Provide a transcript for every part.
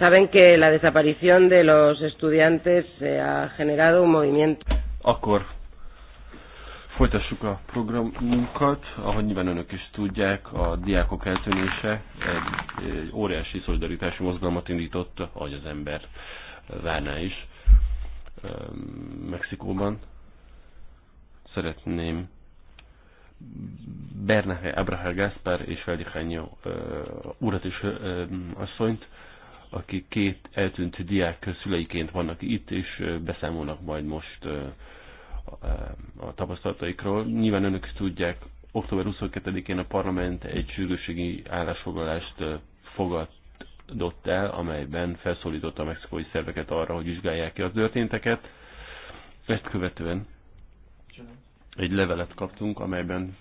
Saben que la desaparición de los estudiantes ha generado un movimiento. Akkor folytassuk a programunkat, ahogy nyilván önök is tudják, a diákok eltűnése egy, egy óriási szolidaritási mozgalmat indított, ahogy az ember várná is, Mexikóban. Szeretném Bernahe Abraham Gaspar és Feldi Hányó urat és asszonyt akik két eltűnt diák szüleiként vannak itt, és beszámolnak majd most a tapasztalataikról. Nyilván önök is tudják, október 22-én a parlament egy sürgősségi állásfoglalást fogadott el, amelyben felszólította a mexikói szerveket arra, hogy vizsgálják ki a történteket. Ezt követően egy levelet kaptunk, amelyben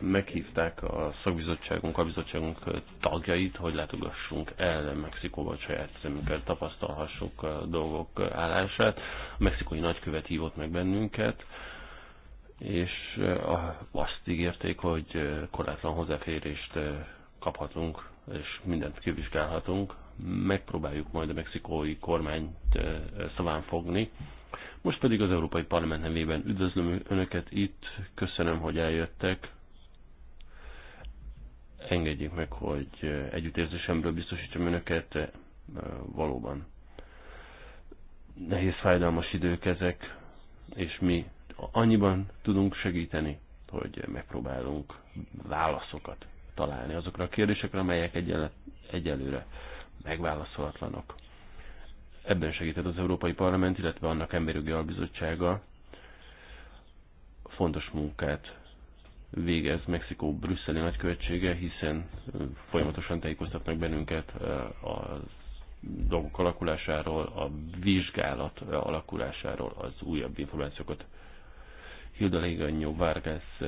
meghívták a szakbizottságunk, a bizottságunk tagjait, hogy látogassunk el Mexikóba, hogy saját szemünkkel tapasztalhassuk a dolgok állását. A mexikói nagykövet hívott meg bennünket, és eh, azt ígérték, hogy eh, korlátlan hozzáférést eh, kaphatunk, és mindent kivizsgálhatunk. Megpróbáljuk majd a mexikói kormányt szaván fogni, most pedig az Európai Parlament nevében üdvözlöm Önöket itt, köszönöm, hogy eljöttek. Engedjék meg, hogy együttérzésemről biztosítsam Önöket, eh, valóban nehéz, fájdalmas idők ezek, és mi annyiban tudunk segíteni, hogy megpróbálunk válaszokat találni azokra a kérdésekre, amelyek egyelőre megválaszolatlanok. Ebben segített az Európai Parlament, illetve annak emberjogi albizottsága fontos munkát végez Mexikó brüsszeli nagykövetsége, hiszen folyamatosan tájékoztatnak bennünket a dolgok alakulásáról, a vizsgálat alakulásáról, az újabb információkat. Hilda Léganyó Vargas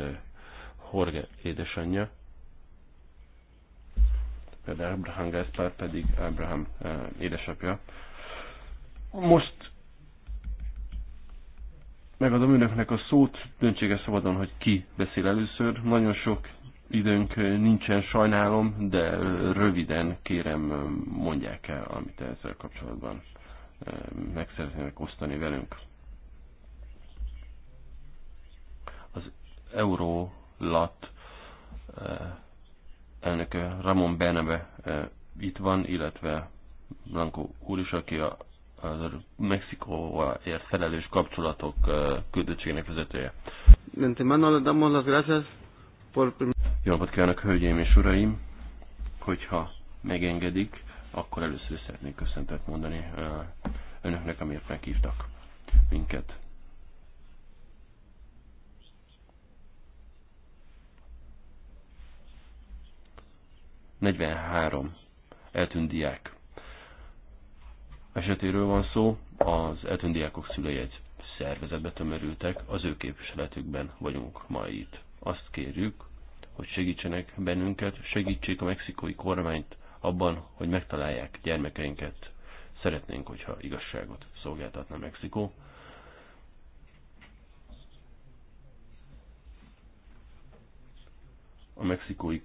Horge édesanyja, például Abraham Gaspar pedig Abraham édesapja, most megadom önöknek a szót, döntsége szabadon, hogy ki beszél először. Nagyon sok időnk nincsen, sajnálom, de röviden kérem mondják el, amit ezzel kapcsolatban eh, meg szeretnének osztani velünk. Az Eurolat eh, elnöke Ramon Beneve eh, itt van, illetve Blanco úr is, aki a a Mexikóval ért felelős kapcsolatok küldöttségének vezetője. Jó napot kívánok, hölgyeim és uraim! Hogyha megengedik, akkor először szeretnék köszöntet mondani önöknek, amiért meghívtak minket. Negyvenhárom eltűnt diák esetéről van szó, az eltöndiákok szülei egy szervezetbe tömörültek, az ő képviseletükben vagyunk ma itt. Azt kérjük, hogy segítsenek bennünket, segítsék a mexikói kormányt abban, hogy megtalálják gyermekeinket. Szeretnénk, hogyha igazságot szolgáltatna Mexikó. A mexikói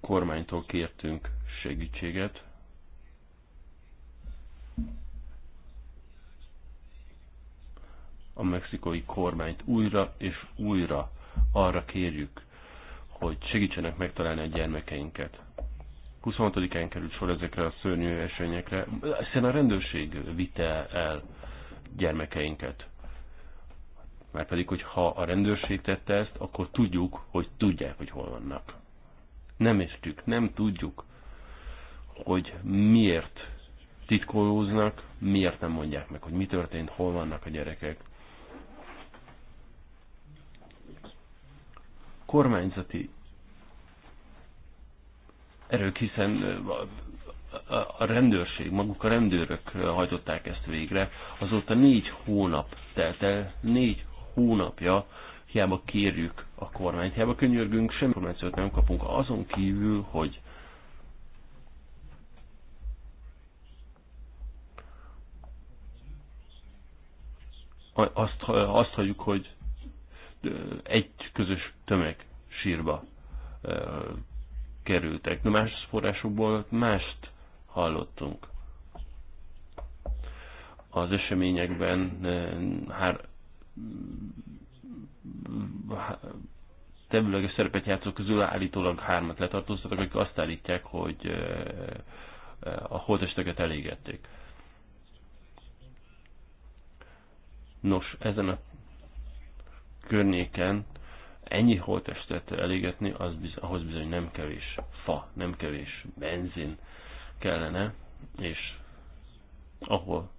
kormánytól kértünk segítséget, a mexikói kormányt újra és újra arra kérjük, hogy segítsenek megtalálni a gyermekeinket. 26-án került sor ezekre a szörnyű eseményekre, hiszen a rendőrség vite el gyermekeinket. pedig, hogy ha a rendőrség tette ezt, akkor tudjuk, hogy tudják, hogy hol vannak. Nem értjük, nem tudjuk, hogy miért titkolóznak, miért nem mondják meg, hogy mi történt, hol vannak a gyerekek. kormányzati erők, hiszen a rendőrség, maguk a rendőrök hajtották ezt végre. Azóta négy hónap telt el, négy hónapja, hiába kérjük a kormányt, hiába könyörgünk, semmi információt nem kapunk, azon kívül, hogy azt, azt halljuk, hogy egy közös tömeg sírba kerültek. De más forrásokból mást hallottunk. Az eseményekben hár, tevőleges szerepet játszók közül állítólag hármat letartóztatok, akik azt állítják, hogy a holtesteket elégették. Nos, ezen a környéken ennyi holtestet elégetni, az biz, ahhoz bizony nem kevés fa, nem kevés benzin kellene, és ahol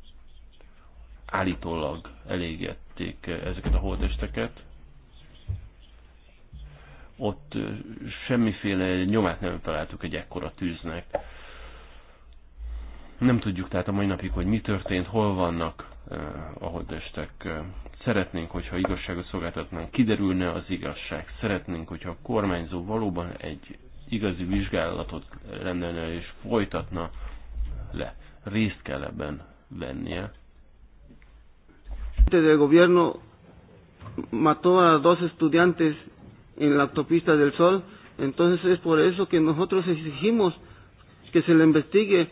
állítólag elégették ezeket a holtesteket, ott semmiféle nyomát nem találtuk egy ekkora tűznek. Nem tudjuk tehát a mai napig, hogy mi történt, hol vannak, Eh, ahol testek. Eh, szeretnénk, hogyha igazságot szolgáltatnánk, kiderülne az igazság. Szeretnénk, hogyha a kormányzó valóban egy igazi vizsgálatot rendelne és folytatna le. Részt kell ebben vennie. El gobierno mató a dos estudiantes en la autopista del Sol, entonces es por eso que nosotros exigimos que se le investigue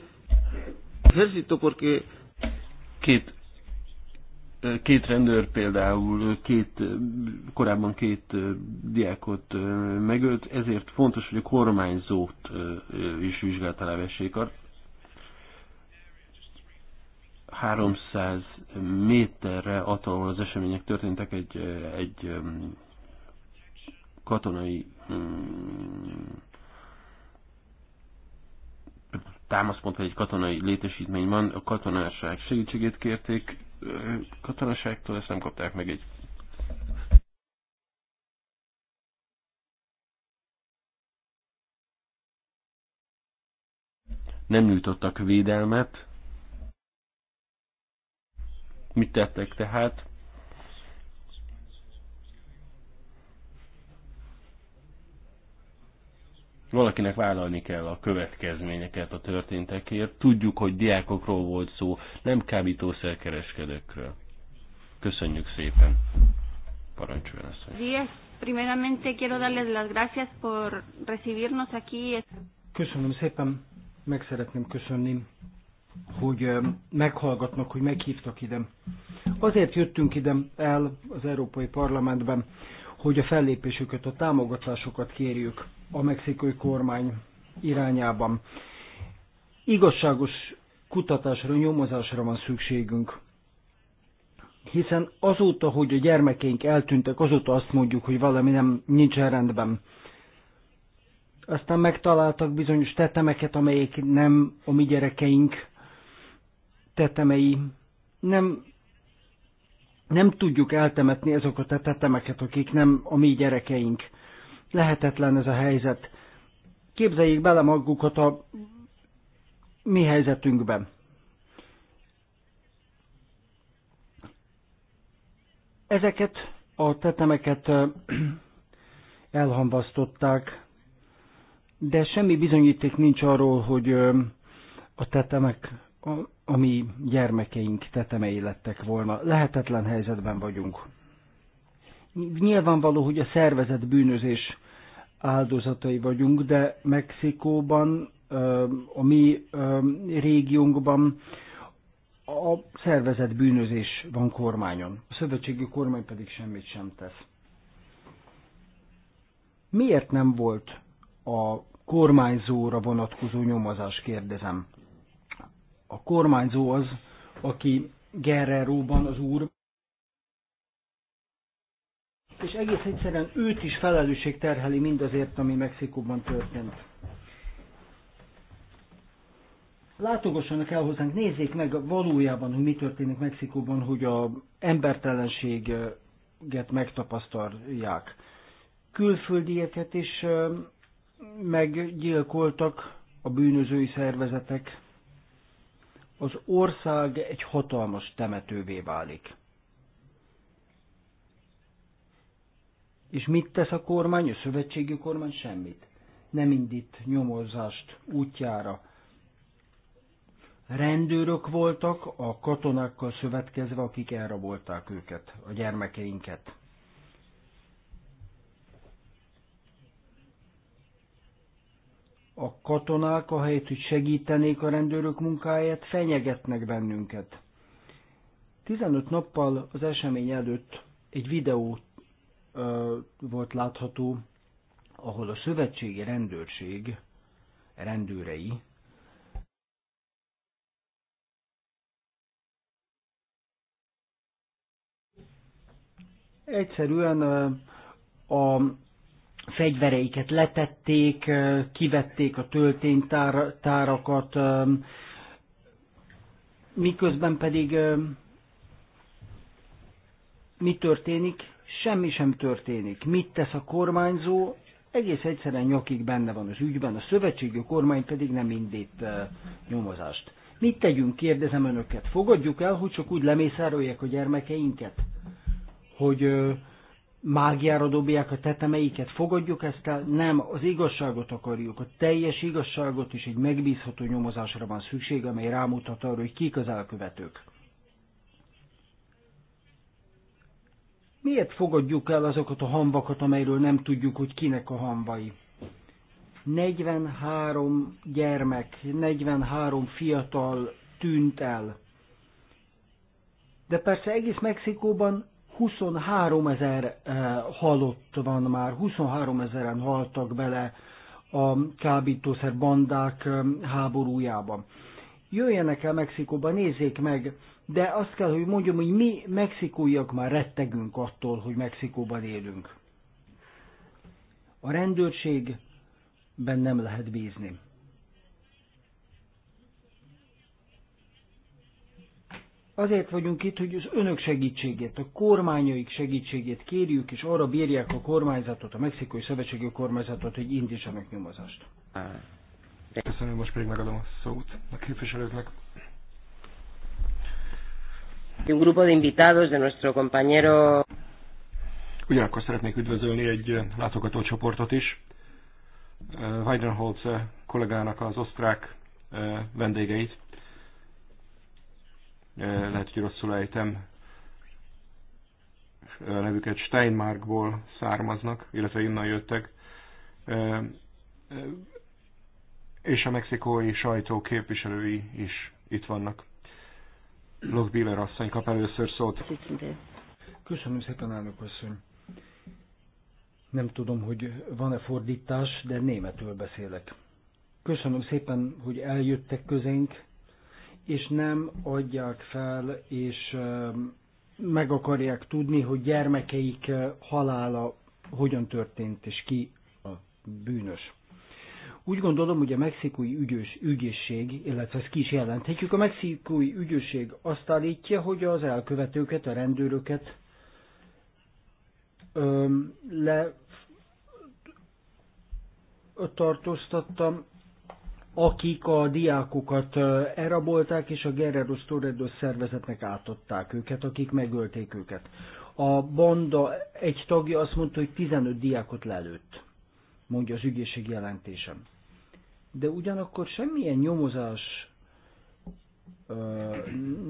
ejército porque két két rendőr például két, korábban két diákot megölt, ezért fontos, hogy a kormányzót is vizsgálta alá vessék. 300 méterre attól, ahol az események történtek, egy, egy katonai támaszpont, hogy egy katonai létesítmény van, a katonaság segítségét kérték katonaságtól, ezt nem kapták meg egy nem nyújtottak védelmet. Mit tettek tehát? valakinek vállalni kell a következményeket a történtekért. Tudjuk, hogy diákokról volt szó, nem kábítószerkereskedőkről. Köszönjük szépen. Parancsoljon asszony. Primeramente quiero darles las gracias por recibirnos aquí. Köszönöm szépen, meg szeretném köszönni, hogy meghallgatnak, hogy meghívtak ide. Azért jöttünk ide el az Európai Parlamentben, hogy a fellépésüket, a támogatásokat kérjük a mexikai kormány irányában. Igazságos kutatásra, nyomozásra van szükségünk. Hiszen azóta, hogy a gyermekeink eltűntek, azóta azt mondjuk, hogy valami nem nincs rendben. Aztán megtaláltak bizonyos tetemeket, amelyek nem a mi gyerekeink tetemei. Nem, nem tudjuk eltemetni azokat a tetemeket, akik nem a mi gyerekeink Lehetetlen ez a helyzet. Képzeljék bele magukat a mi helyzetünkben. Ezeket a tetemeket elhamvasztották, de semmi bizonyíték nincs arról, hogy a tetemek a mi gyermekeink tetemei lettek volna. Lehetetlen helyzetben vagyunk. Nyilvánvaló, hogy a szervezet bűnözés áldozatai vagyunk, de Mexikóban, a mi régiónkban a szervezet bűnözés van kormányon. A szövetségi kormány pedig semmit sem tesz. Miért nem volt a kormányzóra vonatkozó nyomozás, kérdezem? A kormányzó az, aki Guerreróban az úr és egész egyszerűen őt is felelősség terheli mindazért, ami Mexikóban történt. Látogassanak el hozzánk, nézzék meg valójában, hogy mi történik Mexikóban, hogy a embertelenséget megtapasztalják. Külföldieket is meggyilkoltak a bűnözői szervezetek. Az ország egy hatalmas temetővé válik És mit tesz a kormány, a szövetségi kormány? Semmit. Nem indít nyomozást útjára. Rendőrök voltak a katonákkal szövetkezve, akik elrabolták őket, a gyermekeinket. A katonák, ahelyett, hogy segítenék a rendőrök munkáját, fenyegetnek bennünket. 15 nappal az esemény előtt egy videót volt látható, ahol a szövetségi rendőrség rendőrei egyszerűen a fegyvereiket letették, kivették a tölténytárakat, miközben pedig mi történik? semmi sem történik. Mit tesz a kormányzó? Egész egyszerűen nyakig benne van az ügyben, a szövetségi kormány pedig nem indít nyomozást. Mit tegyünk, kérdezem önöket. Fogadjuk el, hogy csak úgy lemészárolják a gyermekeinket? Hogy ö, mágiára dobják a tetemeiket? Fogadjuk ezt el? Nem, az igazságot akarjuk. A teljes igazságot és egy megbízható nyomozásra van szükség, amely rámutat arra, hogy kik az elkövetők. Miért fogadjuk el azokat a hamvakat, amelyről nem tudjuk, hogy kinek a hamvai? 43 gyermek, 43 fiatal tűnt el. De persze egész Mexikóban 23 ezer eh, halott van már, 23 ezeren haltak bele a kábítószer bandák eh, háborújába. Jöjjenek el Mexikóba, nézzék meg, de azt kell, hogy mondjam, hogy mi mexikóiak már rettegünk attól, hogy Mexikóban élünk. A rendőrségben nem lehet bízni. Azért vagyunk itt, hogy az önök segítségét, a kormányaik segítségét kérjük, és arra bírják a kormányzatot, a Mexikói Szövetségi Kormányzatot, hogy indítsanak nyomozást. Köszönöm, most pedig megadom a szót a képviselőknek y un grupo de invitados de nuestro compañero. Ugyanakkor szeretnék üdvözölni egy látogató csoportot is. Eh, Weidenholz eh, kollégának az osztrák eh, vendégeit. Lehet, hogy rosszul ejtem. Nevüket Steinmarkból származnak, illetve innen jöttek. És a mexikói sajtó képviselői is itt vannak. Lochbiller asszony kap először szót. Köszönöm szépen, elnök asszony. Nem tudom, hogy van-e fordítás, de németül beszélek. Köszönöm szépen, hogy eljöttek közénk, és nem adják fel, és ehm, meg akarják tudni, hogy gyermekeik ehm, halála hogyan történt, és ki a bűnös. Úgy gondolom, hogy a mexikói ügyös, ügyészség, illetve ezt ki is jelenthetjük, a mexikói ügyészség azt állítja, hogy az elkövetőket, a rendőröket öm, le tartóztattam, akik a diákokat elrabolták, és a Guerreros Storedos szervezetnek átadták őket, akik megölték őket. A banda egy tagja azt mondta, hogy 15 diákot lelőtt, mondja az ügyészség jelentésem de ugyanakkor semmilyen nyomozás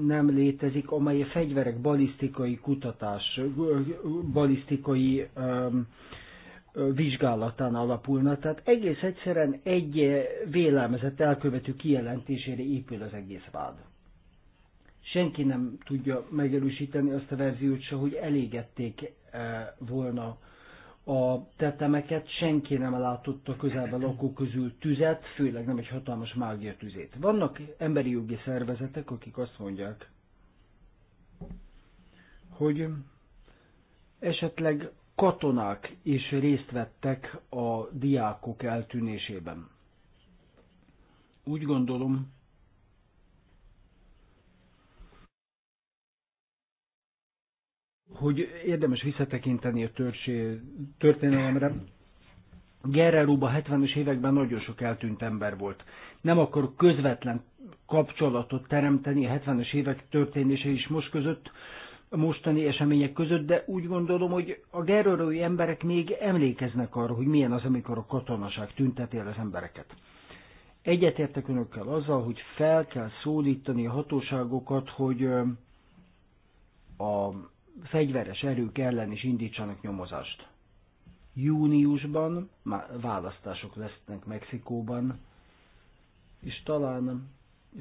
nem létezik, amely a fegyverek balisztikai kutatás, balisztikai vizsgálatán alapulna. Tehát egész egyszerűen egy vélelmezett elkövető kijelentésére épül az egész vád. Senki nem tudja megerősíteni azt a verziót se, hogy elégették volna a tetemeket, senki nem látott a közelben lakók közül tüzet, főleg nem egy hatalmas mágia tüzét. Vannak emberi jogi szervezetek, akik azt mondják, hogy esetleg katonák is részt vettek a diákok eltűnésében. Úgy gondolom, hogy érdemes visszatekinteni a törzsé, történelemre. Gerrelóban 70-es években nagyon sok eltűnt ember volt. Nem akkor közvetlen kapcsolatot teremteni a 70-es évek történése is most között, a mostani események között, de úgy gondolom, hogy a gerrelói emberek még emlékeznek arra, hogy milyen az, amikor a katonaság tünteti el az embereket. Egyetértek önökkel azzal, hogy fel kell szólítani a hatóságokat, hogy a fegyveres erők ellen is indítsanak nyomozást. Júniusban választások lesznek Mexikóban, és talán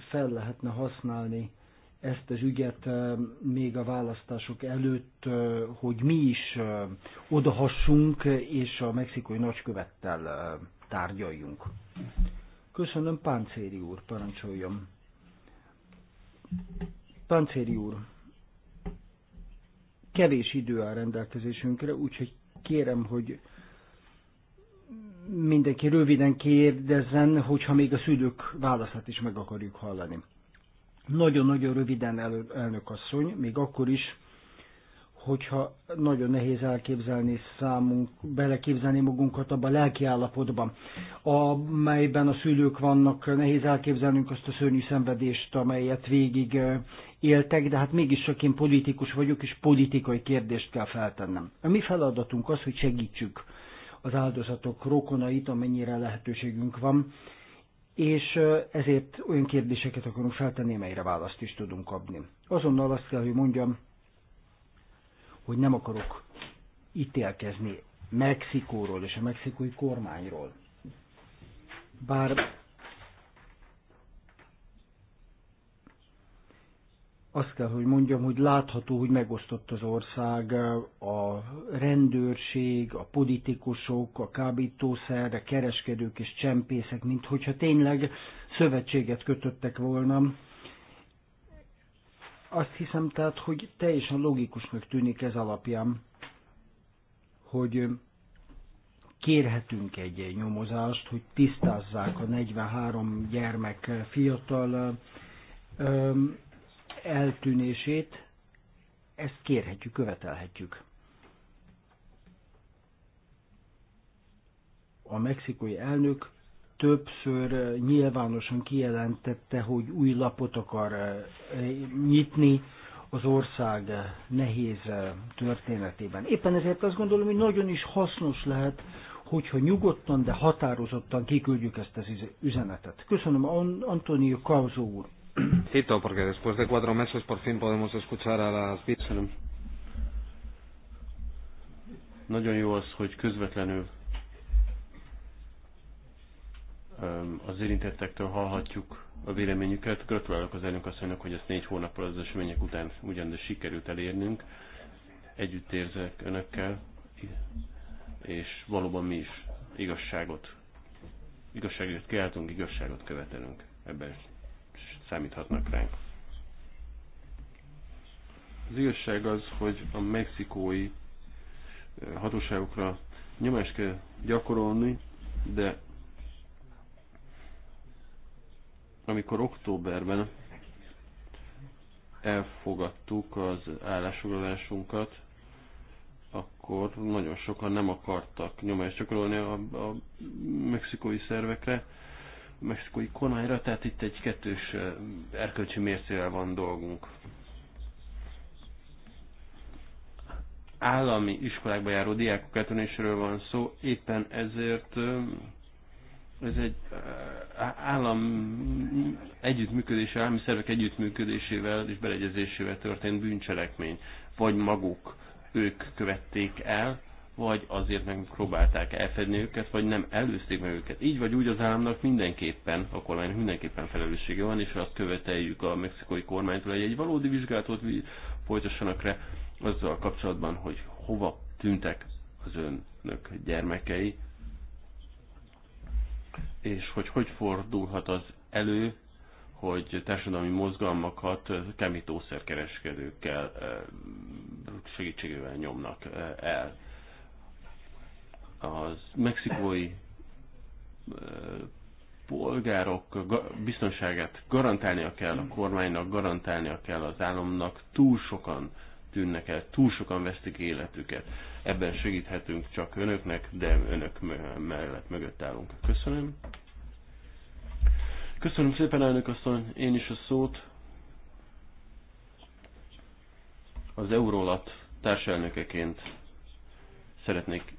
fel lehetne használni ezt az ügyet még a választások előtt, hogy mi is odahassunk, és a mexikai nagykövettel tárgyaljunk. Köszönöm, Páncéri úr, parancsoljam. Páncéri úr, kevés idő áll rendelkezésünkre, úgyhogy kérem, hogy mindenki röviden kérdezzen, hogyha még a szülők válaszát is meg akarjuk hallani. Nagyon-nagyon röviden, elnök asszony, még akkor is, hogyha nagyon nehéz elképzelni számunk, beleképzelni magunkat abban a lelki állapotban, amelyben a szülők vannak, nehéz elképzelnünk azt a szörnyű szenvedést, amelyet végig éltek, de hát mégiscsak én politikus vagyok, és politikai kérdést kell feltennem. A mi feladatunk az, hogy segítsük az áldozatok rokonait, amennyire lehetőségünk van, és ezért olyan kérdéseket akarunk feltenni, melyre választ is tudunk kapni. Azonnal azt kell, hogy mondjam, hogy nem akarok ítélkezni Mexikóról és a mexikói kormányról. Bár azt kell, hogy mondjam, hogy látható, hogy megosztott az ország, a rendőrség, a politikusok, a kábítószer, a kereskedők és csempészek, mint hogyha tényleg szövetséget kötöttek volna, azt hiszem tehát, hogy teljesen logikusnak tűnik ez alapján, hogy kérhetünk egy nyomozást, hogy tisztázzák a 43 gyermek fiatal eltűnését. Ezt kérhetjük, követelhetjük. A mexikói elnök többször eh, nyilvánosan kijelentette, hogy új lapot akar eh, nyitni az ország eh, nehéz történetében. Éppen ezért azt gondolom, hogy nagyon is hasznos lehet, hogyha nyugodtan, de határozottan kiküldjük ezt az üzenetet. Köszönöm, Antonio Cauzó úr. Cito, porque después de cuatro meses por fin podemos escuchar a las Köszönöm. Nagyon jó az, hogy közvetlenül az érintettektől hallhatjuk a véleményüket. Gratulálok az elnök asszonynak, hogy ezt négy hónappal az események után ugyanis sikerült elérnünk. Együtt érzek önökkel, és valóban mi is igazságot, igazságot kiáltunk, igazságot követelünk. Ebben számíthatnak ránk. Az igazság az, hogy a mexikói hatóságokra nyomást kell gyakorolni, de amikor októberben elfogadtuk az állásfoglalásunkat, akkor nagyon sokan nem akartak nyomást gyakorolni a, a mexikói szervekre, a mexikói konájra, tehát itt egy kettős erkölcsi mércével van dolgunk. Állami iskolákba járó diákok eltűnéséről van szó, éppen ezért ez egy állam együttműködése, állami szervek együttműködésével és beleegyezésével történt bűncselekmény. Vagy maguk ők követték el, vagy azért próbálták elfedni őket, vagy nem előzték meg őket. Így vagy úgy az államnak mindenképpen, a kormánynak mindenképpen felelőssége van, és azt követeljük a mexikai kormánytól, hogy egy valódi vizsgálatot folytassanak le azzal kapcsolatban, hogy hova tűntek az önök gyermekei, és hogy hogy fordulhat az elő, hogy társadalmi mozgalmakat kemítószerkereskedőkkel eh, segítségével nyomnak eh, el. Az mexikói eh, polgárok biztonságát garantálnia kell a hmm. kormánynak, garantálnia kell az államnak, túl sokan tűnnek el, túl sokan vesztik életüket. Ebben segíthetünk csak önöknek, de önök mellett mögött állunk. Köszönöm. Köszönöm szépen, elnök asszony, én is a szót. Az Eurólat társelnökeként szeretnék,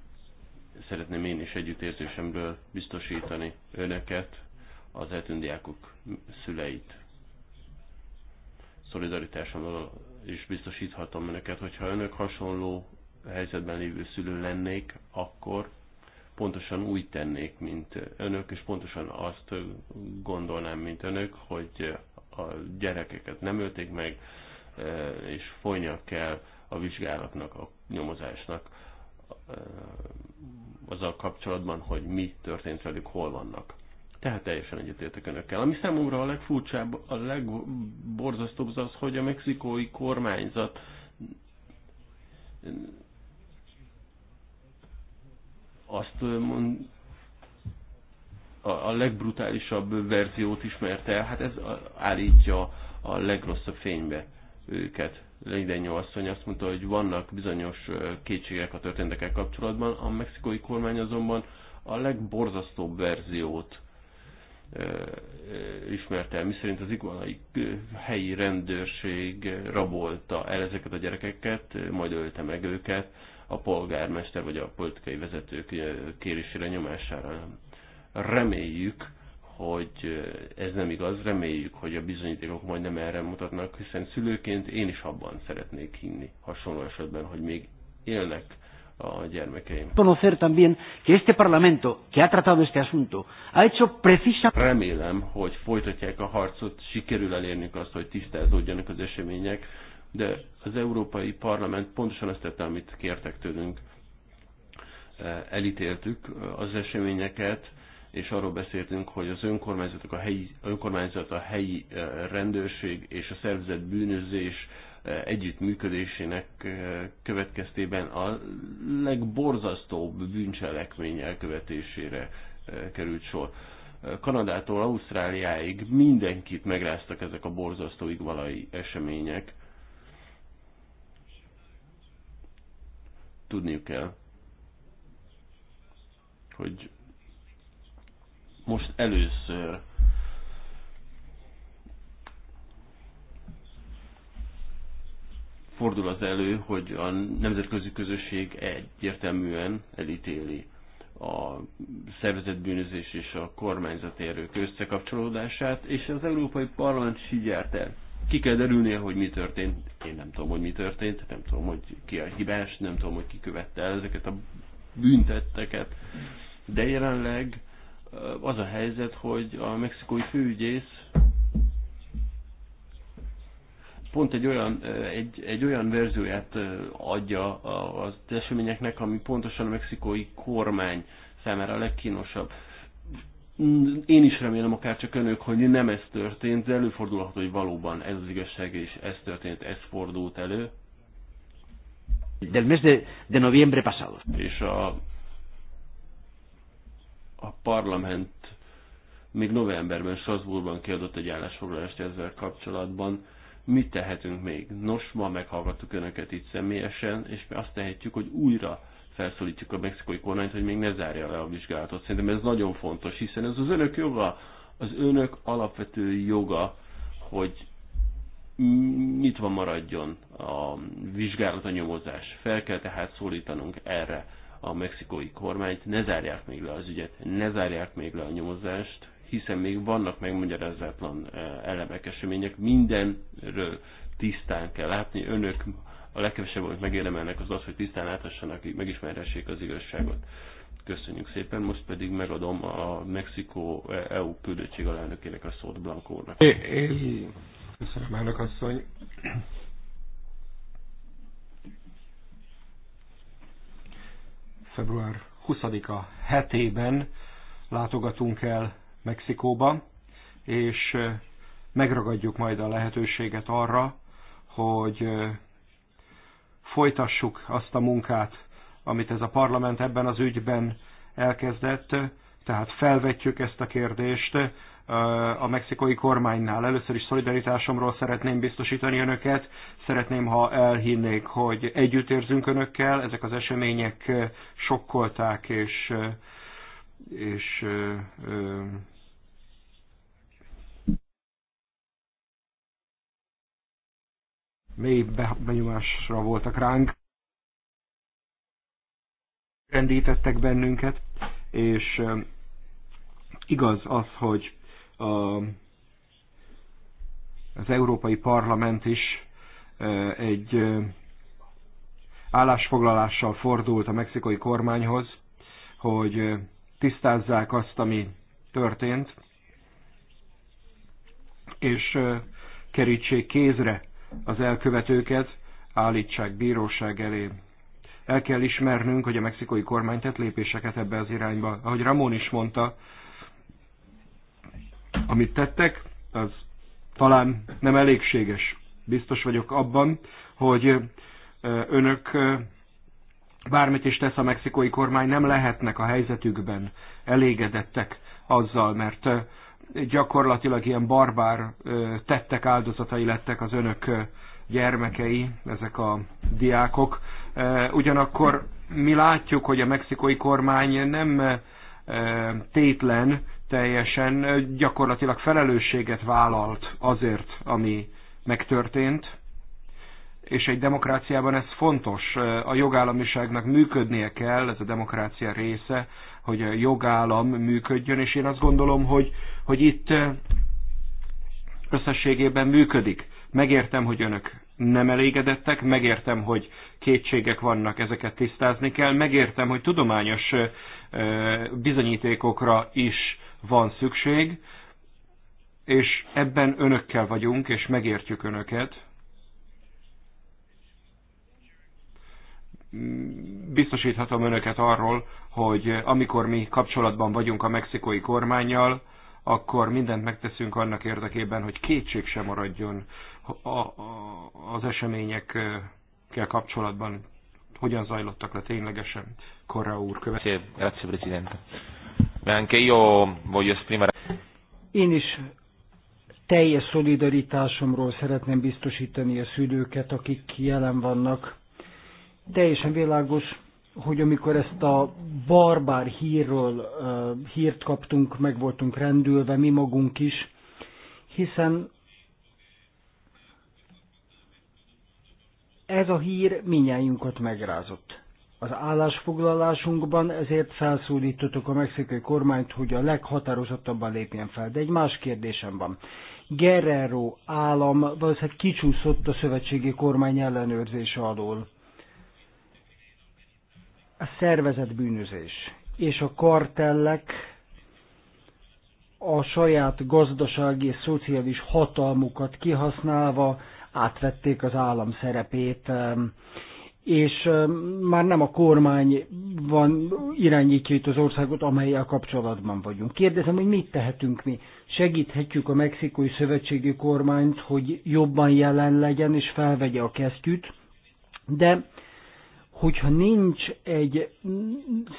szeretném én is együttérzésemből biztosítani önöket, az eltűndiákok szüleit. Szolidaritásom is biztosíthatom önöket, hogyha önök hasonló helyzetben lévő szülő lennék, akkor pontosan úgy tennék, mint önök, és pontosan azt gondolnám, mint önök, hogy a gyerekeket nem ölték meg, és folynia kell a vizsgálatnak, a nyomozásnak eh, azzal kapcsolatban, hogy mi történt velük, hol vannak. Tehát teljesen egyetértek önökkel. Ami számomra a legfurcsább, a legborzasztóbb az, hogy a mexikói kormányzat azt mond, a legbrutálisabb verziót ismerte el, hát ez állítja a legrosszabb fénybe őket. Leidennyó asszony azt mondta, hogy vannak bizonyos kétségek a történtekkel kapcsolatban, a mexikói kormány azonban a legborzasztóbb verziót ismert el, miszerint az iguanai helyi rendőrség rabolta el ezeket a gyerekeket, majd ölte meg őket, a polgármester vagy a politikai vezetők eh, kérésére, nyomására. Reméljük, hogy eh, ez nem igaz, reméljük, hogy a bizonyítékok majd nem erre mutatnak, hiszen szülőként én is abban szeretnék hinni hasonló esetben, hogy még élnek a gyermekeim. Conocer también que este parlamento que ha tratado este asunto ha hecho precisa... Remélem, hogy folytatják a harcot, sikerül elérnünk azt, hogy tisztázódjanak az események, de az Európai Parlament pontosan azt tette, amit kértek tőlünk. E, elítéltük az eseményeket, és arról beszéltünk, hogy az önkormányzatok, a helyi, önkormányzat, a helyi e, rendőrség és a szervezet bűnözés e, együttműködésének következtében a legborzasztóbb bűncselekmény elkövetésére került sor. Kanadától Ausztráliáig mindenkit megráztak ezek a borzasztó igvalai események. tudniuk kell, hogy most először fordul az elő, hogy a nemzetközi közösség egyértelműen elítéli a szervezetbűnözés és a kormányzati erők összekapcsolódását, és az Európai Parlament így el. Ki kell derülnie, hogy mi történt. Én nem tudom, hogy mi történt, nem tudom, hogy ki a hibás, nem tudom, hogy ki követte el ezeket a büntetteket. De jelenleg az a helyzet, hogy a mexikói főügyész pont egy olyan, egy, egy olyan verzióját adja az eseményeknek, ami pontosan a mexikói kormány számára a legkínosabb. Én is remélem, akár csak önök, hogy nem ez történt, de előfordulhat, hogy valóban ez az igazság, és ez történt, ez fordult elő. Del mes de, de noviembre pasado. És a, a parlament még novemberben Strasbourgban kiadott egy állásfoglalást ezzel kapcsolatban. Mit tehetünk még? Nos, ma meghallgattuk önöket itt személyesen, és mi azt tehetjük, hogy újra felszólítjuk a mexikói kormányt, hogy még ne zárja le a vizsgálatot. Szerintem ez nagyon fontos, hiszen ez az önök joga, az önök alapvető joga, hogy nyitva maradjon a vizsgálat, a nyomozás. Fel kell tehát szólítanunk erre a mexikói kormányt, ne zárják még le az ügyet, ne zárják még le a nyomozást, hiszen még vannak megmagyarázatlan eh, elemek, események, mindenről tisztán kell látni. Önök a legkevesebb, amit megérdemelnek, az az, hogy tisztán láthassanak, megismerhessék az igazságot. Köszönjük szépen, most pedig megadom a Mexikó EU küldöttség alelnökének a szót Blankónak. Köszönöm, elnök asszony. Február 20-a hetében látogatunk el Mexikóba, és megragadjuk majd a lehetőséget arra, hogy folytassuk azt a munkát, amit ez a parlament ebben az ügyben elkezdett, tehát felvetjük ezt a kérdést a mexikai kormánynál. Először is szolidaritásomról szeretném biztosítani önöket, szeretném, ha elhinnék, hogy együttérzünk önökkel, ezek az események sokkolták és, és mély benyomásra voltak ránk, rendítettek bennünket, és igaz az, hogy a, az Európai Parlament is egy állásfoglalással fordult a mexikai kormányhoz, hogy tisztázzák azt, ami történt, és kerítsék kézre az elkövetőket állítsák bíróság elé. El kell ismernünk, hogy a mexikai kormány tett lépéseket ebbe az irányba. Ahogy Ramón is mondta, amit tettek, az talán nem elégséges. Biztos vagyok abban, hogy önök bármit is tesz a mexikai kormány, nem lehetnek a helyzetükben elégedettek azzal, mert gyakorlatilag ilyen barbár tettek áldozatai lettek az önök gyermekei, ezek a diákok. Ugyanakkor mi látjuk, hogy a mexikai kormány nem tétlen teljesen, gyakorlatilag felelősséget vállalt azért, ami megtörtént, és egy demokráciában ez fontos. A jogállamiságnak működnie kell, ez a demokrácia része, hogy a jogállam működjön, és én azt gondolom, hogy, hogy itt eh, összességében működik. Megértem, hogy önök nem elégedettek, megértem, hogy kétségek vannak, ezeket tisztázni kell, megértem, hogy tudományos eh, bizonyítékokra is van szükség, és ebben önökkel vagyunk, és megértjük önöket. Biztosíthatom önöket arról, hogy eh, amikor mi kapcsolatban vagyunk a mexikói kormányjal, akkor mindent megteszünk annak érdekében, hogy kétség sem maradjon a, a, az eseményekkel kapcsolatban, hogyan zajlottak le ténylegesen. Korra úr következő. Én is teljes szolidaritásomról szeretném biztosítani a szülőket, akik jelen vannak. Teljesen világos, hogy amikor ezt a barbár hírről hírt kaptunk, meg voltunk rendülve mi magunk is, hiszen ez a hír minnyájunkat megrázott. Az állásfoglalásunkban ezért felszólítottuk a mexikai kormányt, hogy a leghatározottabban lépjen fel. De egy más kérdésem van. Guerrero állam valószínűleg kicsúszott a szövetségi kormány ellenőrzése alól a szervezetbűnözés és a kartellek a saját gazdasági és szociális hatalmukat kihasználva átvették az állam szerepét, és már nem a kormány van, irányítja itt az országot, amelyel kapcsolatban vagyunk. Kérdezem, hogy mit tehetünk mi? Segíthetjük a mexikói szövetségi kormányt, hogy jobban jelen legyen és felvegye a kesztyűt, de hogyha nincs egy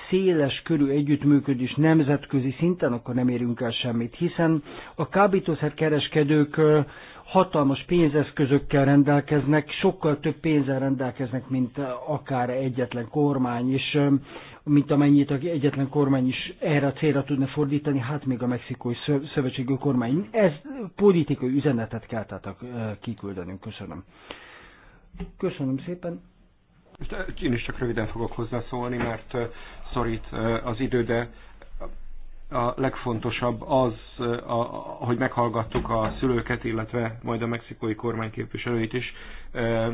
széles körű együttműködés nemzetközi szinten, akkor nem érünk el semmit, hiszen a kereskedők hatalmas pénzeszközökkel rendelkeznek, sokkal több pénzzel rendelkeznek, mint akár egyetlen kormány is, mint amennyit egyetlen kormány is erre a célra tudna fordítani, hát még a mexikói szövetségű kormány. Ez politikai üzenetet kell tehát kiküldenünk. Köszönöm. Köszönöm szépen. Eh, én is csak röviden fogok hozzászólni, mert eh, szorít eh, az idő, de a legfontosabb az, hogy meghallgattuk a szülőket, illetve majd a mexikói kormány képviselőit is,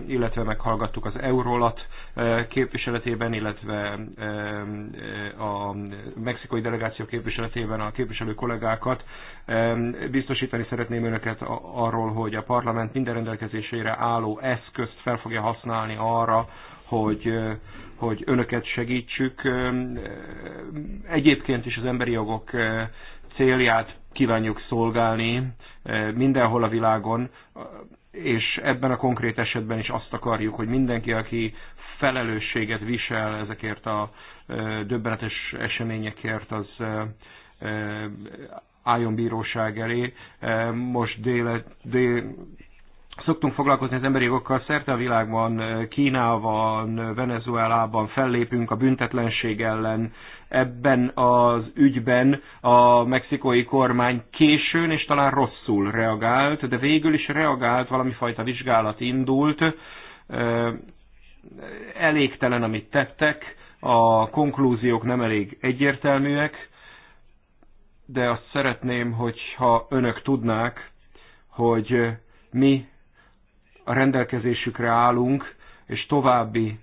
illetve meghallgattuk az Eurolat képviseletében, illetve a mexikai delegáció képviseletében a képviselő kollégákat. Biztosítani szeretném önöket arról, hogy a parlament minden rendelkezésére álló eszközt fel fogja használni arra, hogy hogy önöket segítsük. Egyébként is az emberi jogok célját kívánjuk szolgálni mindenhol a világon, és ebben a konkrét esetben is azt akarjuk, hogy mindenki, aki felelősséget visel ezekért a döbbenetes eseményekért, az álljon bíróság elé. Most dél, dél Szoktunk foglalkozni az emberi jogokkal szerte a világban, Kínában, Venezuelában fellépünk a büntetlenség ellen. Ebben az ügyben a mexikói kormány későn és talán rosszul reagált, de végül is reagált, valami fajta vizsgálat indult. Elégtelen, amit tettek, a konklúziók nem elég egyértelműek, de azt szeretném, hogyha önök tudnák, hogy mi a rendelkezésükre állunk, és további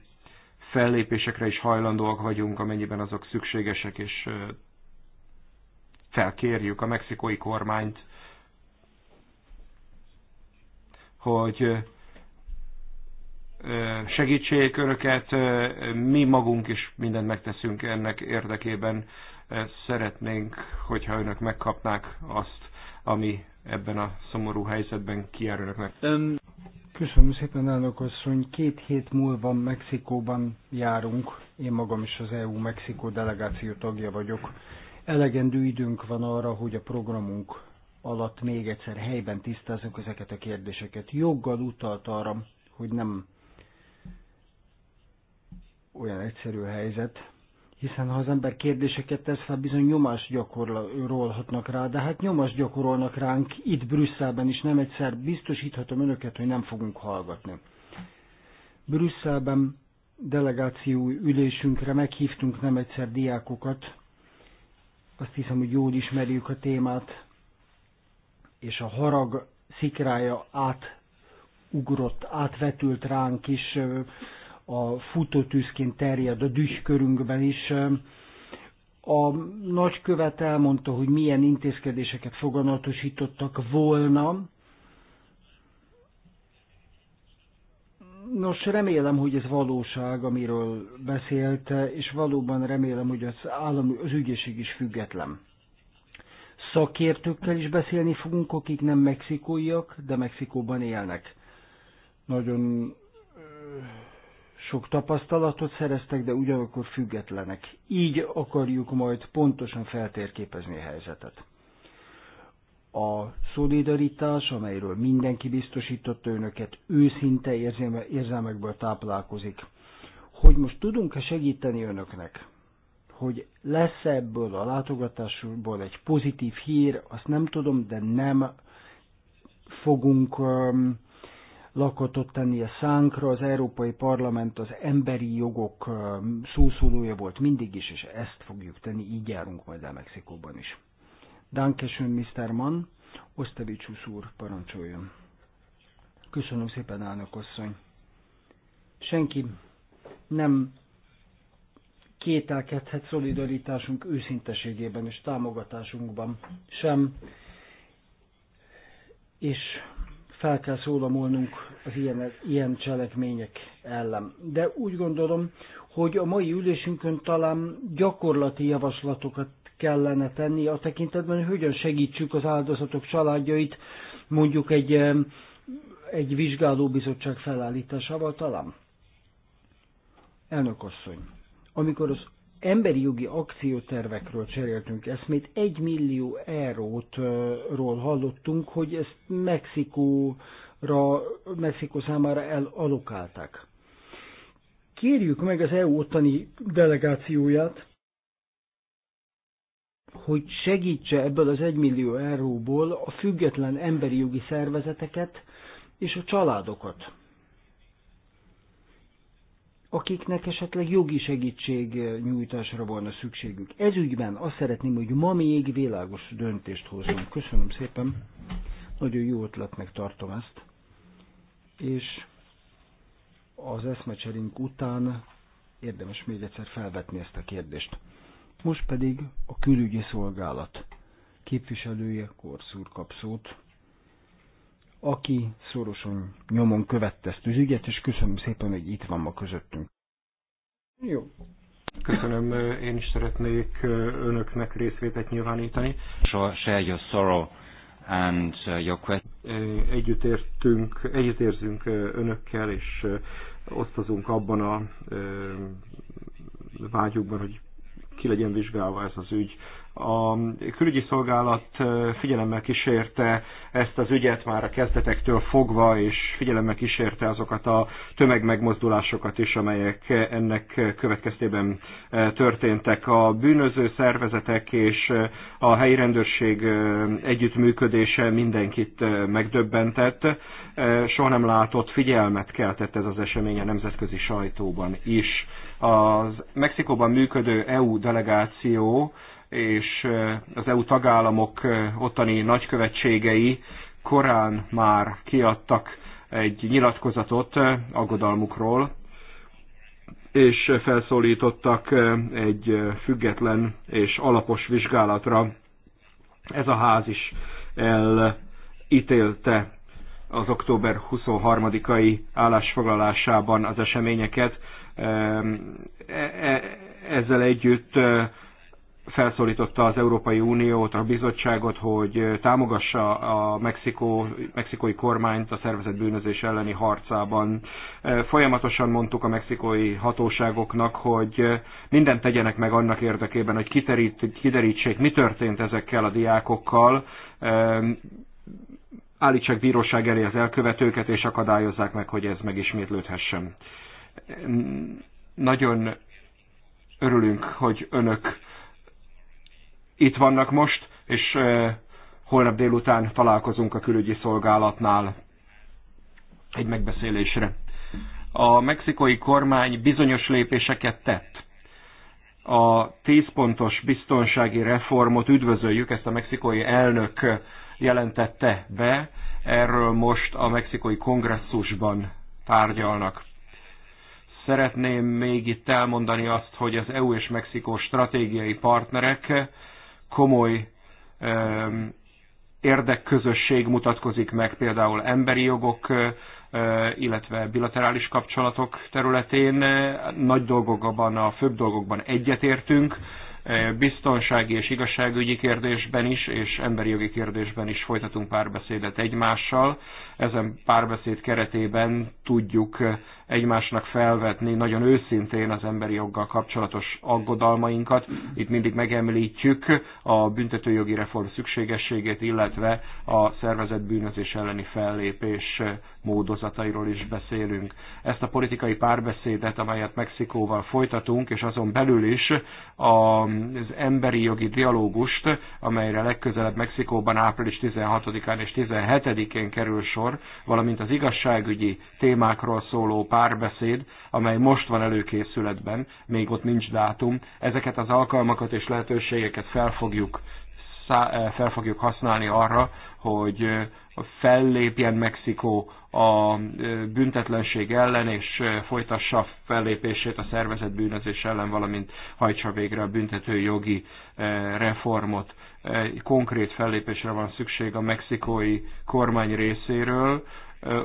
fellépésekre is hajlandóak vagyunk, amennyiben azok szükségesek, és felkérjük a mexikói kormányt, hogy segítsék önöket, mi magunk is mindent megteszünk ennek érdekében. Szeretnénk, hogyha önök megkapnák azt, ami ebben a szomorú helyzetben kijár önöknek. Köszönöm szépen, elnök asszony. Két hét múlva Mexikóban járunk. Én magam is az EU-Mexikó delegáció tagja vagyok. Elegendő időnk van arra, hogy a programunk alatt még egyszer helyben tisztázzunk ezeket a kérdéseket. Joggal utalt arra, hogy nem olyan egyszerű helyzet, hiszen ha az ember kérdéseket tesz fel, bizony nyomást gyakorolhatnak rá, de hát nyomást gyakorolnak ránk itt Brüsszelben is, nem egyszer biztosíthatom önöket, hogy nem fogunk hallgatni. Brüsszelben delegáció ülésünkre meghívtunk nem egyszer diákokat, azt hiszem, hogy jól ismerjük a témát, és a harag szikrája átugrott, átvetült ránk is, a futótűzként terjed a körünkben is. A nagykövet elmondta, hogy milyen intézkedéseket foganatosítottak volna. Nos, remélem, hogy ez valóság, amiről beszélt, és valóban remélem, hogy az állami, az ügyészség is független. Szakértőkkel is beszélni fogunk, akik nem mexikóiak, de Mexikóban élnek. Nagyon sok tapasztalatot szereztek, de ugyanakkor függetlenek. Így akarjuk majd pontosan feltérképezni a helyzetet. A szolidaritás, amelyről mindenki biztosította önöket, őszinte érzelmekből táplálkozik. Hogy most tudunk-e segíteni önöknek, hogy lesz -e ebből a látogatásból egy pozitív hír, azt nem tudom, de nem fogunk um, lakatot tenni a szánkra, az Európai Parlament az emberi jogok szószólója volt mindig is, és ezt fogjuk tenni, így járunk majd el Mexikóban is. Dankeschön, Mr. Mann, Osztevicsus úr, parancsoljon. Köszönöm szépen, elnök asszony. Senki nem kételkedhet szolidaritásunk őszinteségében és támogatásunkban sem, és fel kell szólamolnunk az ilyen, ilyen cselekmények ellen. De úgy gondolom, hogy a mai ülésünkön talán gyakorlati javaslatokat kellene tenni a tekintetben, hogy hogyan segítsük az áldozatok családjait, mondjuk egy, egy vizsgálóbizottság felállításával talán. Elnök asszony, amikor az emberi jogi akciótervekről cseréltünk eszmét, egy millió eurótról hallottunk, hogy ezt Mexikóra, Mexikó számára elalokálták. Kérjük meg az EU ottani delegációját, hogy segítse ebből az egymillió euróból a független emberi jogi szervezeteket és a családokat akiknek esetleg jogi segítség eh, nyújtásra volna szükségük. Ez ügyben azt szeretném, hogy ma még világos döntést hozzunk. Köszönöm szépen, nagyon jó ötletnek tartom ezt. És az eszmecserünk után érdemes még egyszer felvetni ezt a kérdést. Most pedig a külügyi szolgálat képviselője Korszúr kap szót aki szorosan nyomon követte ezt az ügyet, és köszönöm szépen, hogy itt van ma közöttünk. Jó. Köszönöm, én is szeretnék önöknek részvétet nyilvánítani. So, share your sorrow and uh, your question. Együttértünk, együttérzünk önökkel, és osztozunk abban a vágyukban, hogy ki legyen vizsgálva ez az ügy. A külügyi szolgálat figyelemmel kísérte ezt az ügyet már a kezdetektől fogva, és figyelemmel kísérte azokat a tömegmegmozdulásokat is, amelyek ennek következtében történtek. A bűnöző szervezetek és a helyi rendőrség együttműködése mindenkit megdöbbentett. Soha nem látott figyelmet keltett ez az esemény a nemzetközi sajtóban is. Az Mexikóban működő EU delegáció és az EU tagállamok ottani nagykövetségei korán már kiadtak egy nyilatkozatot aggodalmukról, és felszólítottak egy független és alapos vizsgálatra. Ez a ház is elítélte az október 23-ai állásfoglalásában az eseményeket. E, e, ezzel együtt felszólította az Európai Uniót, a bizottságot, hogy támogassa a Mexikó, mexikói kormányt a szervezett bűnözés elleni harcában. Folyamatosan mondtuk a mexikói hatóságoknak, hogy mindent tegyenek meg annak érdekében, hogy kiterít, kiderítsék, mi történt ezekkel a diákokkal, állítsák bíróság elé az elkövetőket, és akadályozzák meg, hogy ez megismétlődhessen. Nagyon örülünk, hogy önök itt vannak most, és holnap délután találkozunk a külügyi szolgálatnál egy megbeszélésre. A mexikai kormány bizonyos lépéseket tett. A tízpontos biztonsági reformot üdvözöljük, ezt a mexikai elnök jelentette be, erről most a mexikai kongresszusban tárgyalnak. Szeretném még itt elmondani azt, hogy az EU és Mexikó stratégiai partnerek, komoly érdekközösség mutatkozik meg például emberi jogok, illetve bilaterális kapcsolatok területén. Nagy dolgokban, a főbb dolgokban egyetértünk, biztonsági és igazságügyi kérdésben is, és emberi jogi kérdésben is folytatunk párbeszédet egymással ezen párbeszéd keretében tudjuk eh, egymásnak felvetni nagyon őszintén az emberi joggal kapcsolatos aggodalmainkat. Itt mindig megemlítjük a büntetőjogi reform szükségességét, illetve a szervezett bűnözés elleni fellépés eh, módozatairól is beszélünk. Ezt a politikai párbeszédet, amelyet Mexikóval folytatunk, és azon belül is az emberi jogi dialógust, amelyre legközelebb Mexikóban április 16-án és 17-én kerül sor, műsor, valamint az igazságügyi témákról szóló párbeszéd, amely most van előkészületben, még ott nincs dátum, ezeket az alkalmakat és lehetőségeket fel fogjuk, eh, fel fogjuk használni arra, hogy eh, fellépjen Mexikó a eh, büntetlenség ellen, és folytassa fellépését a szervezett bűnözés ellen, valamint hajtsa végre a büntető jogi reformot konkrét fellépésre van szükség a mexikói kormány részéről,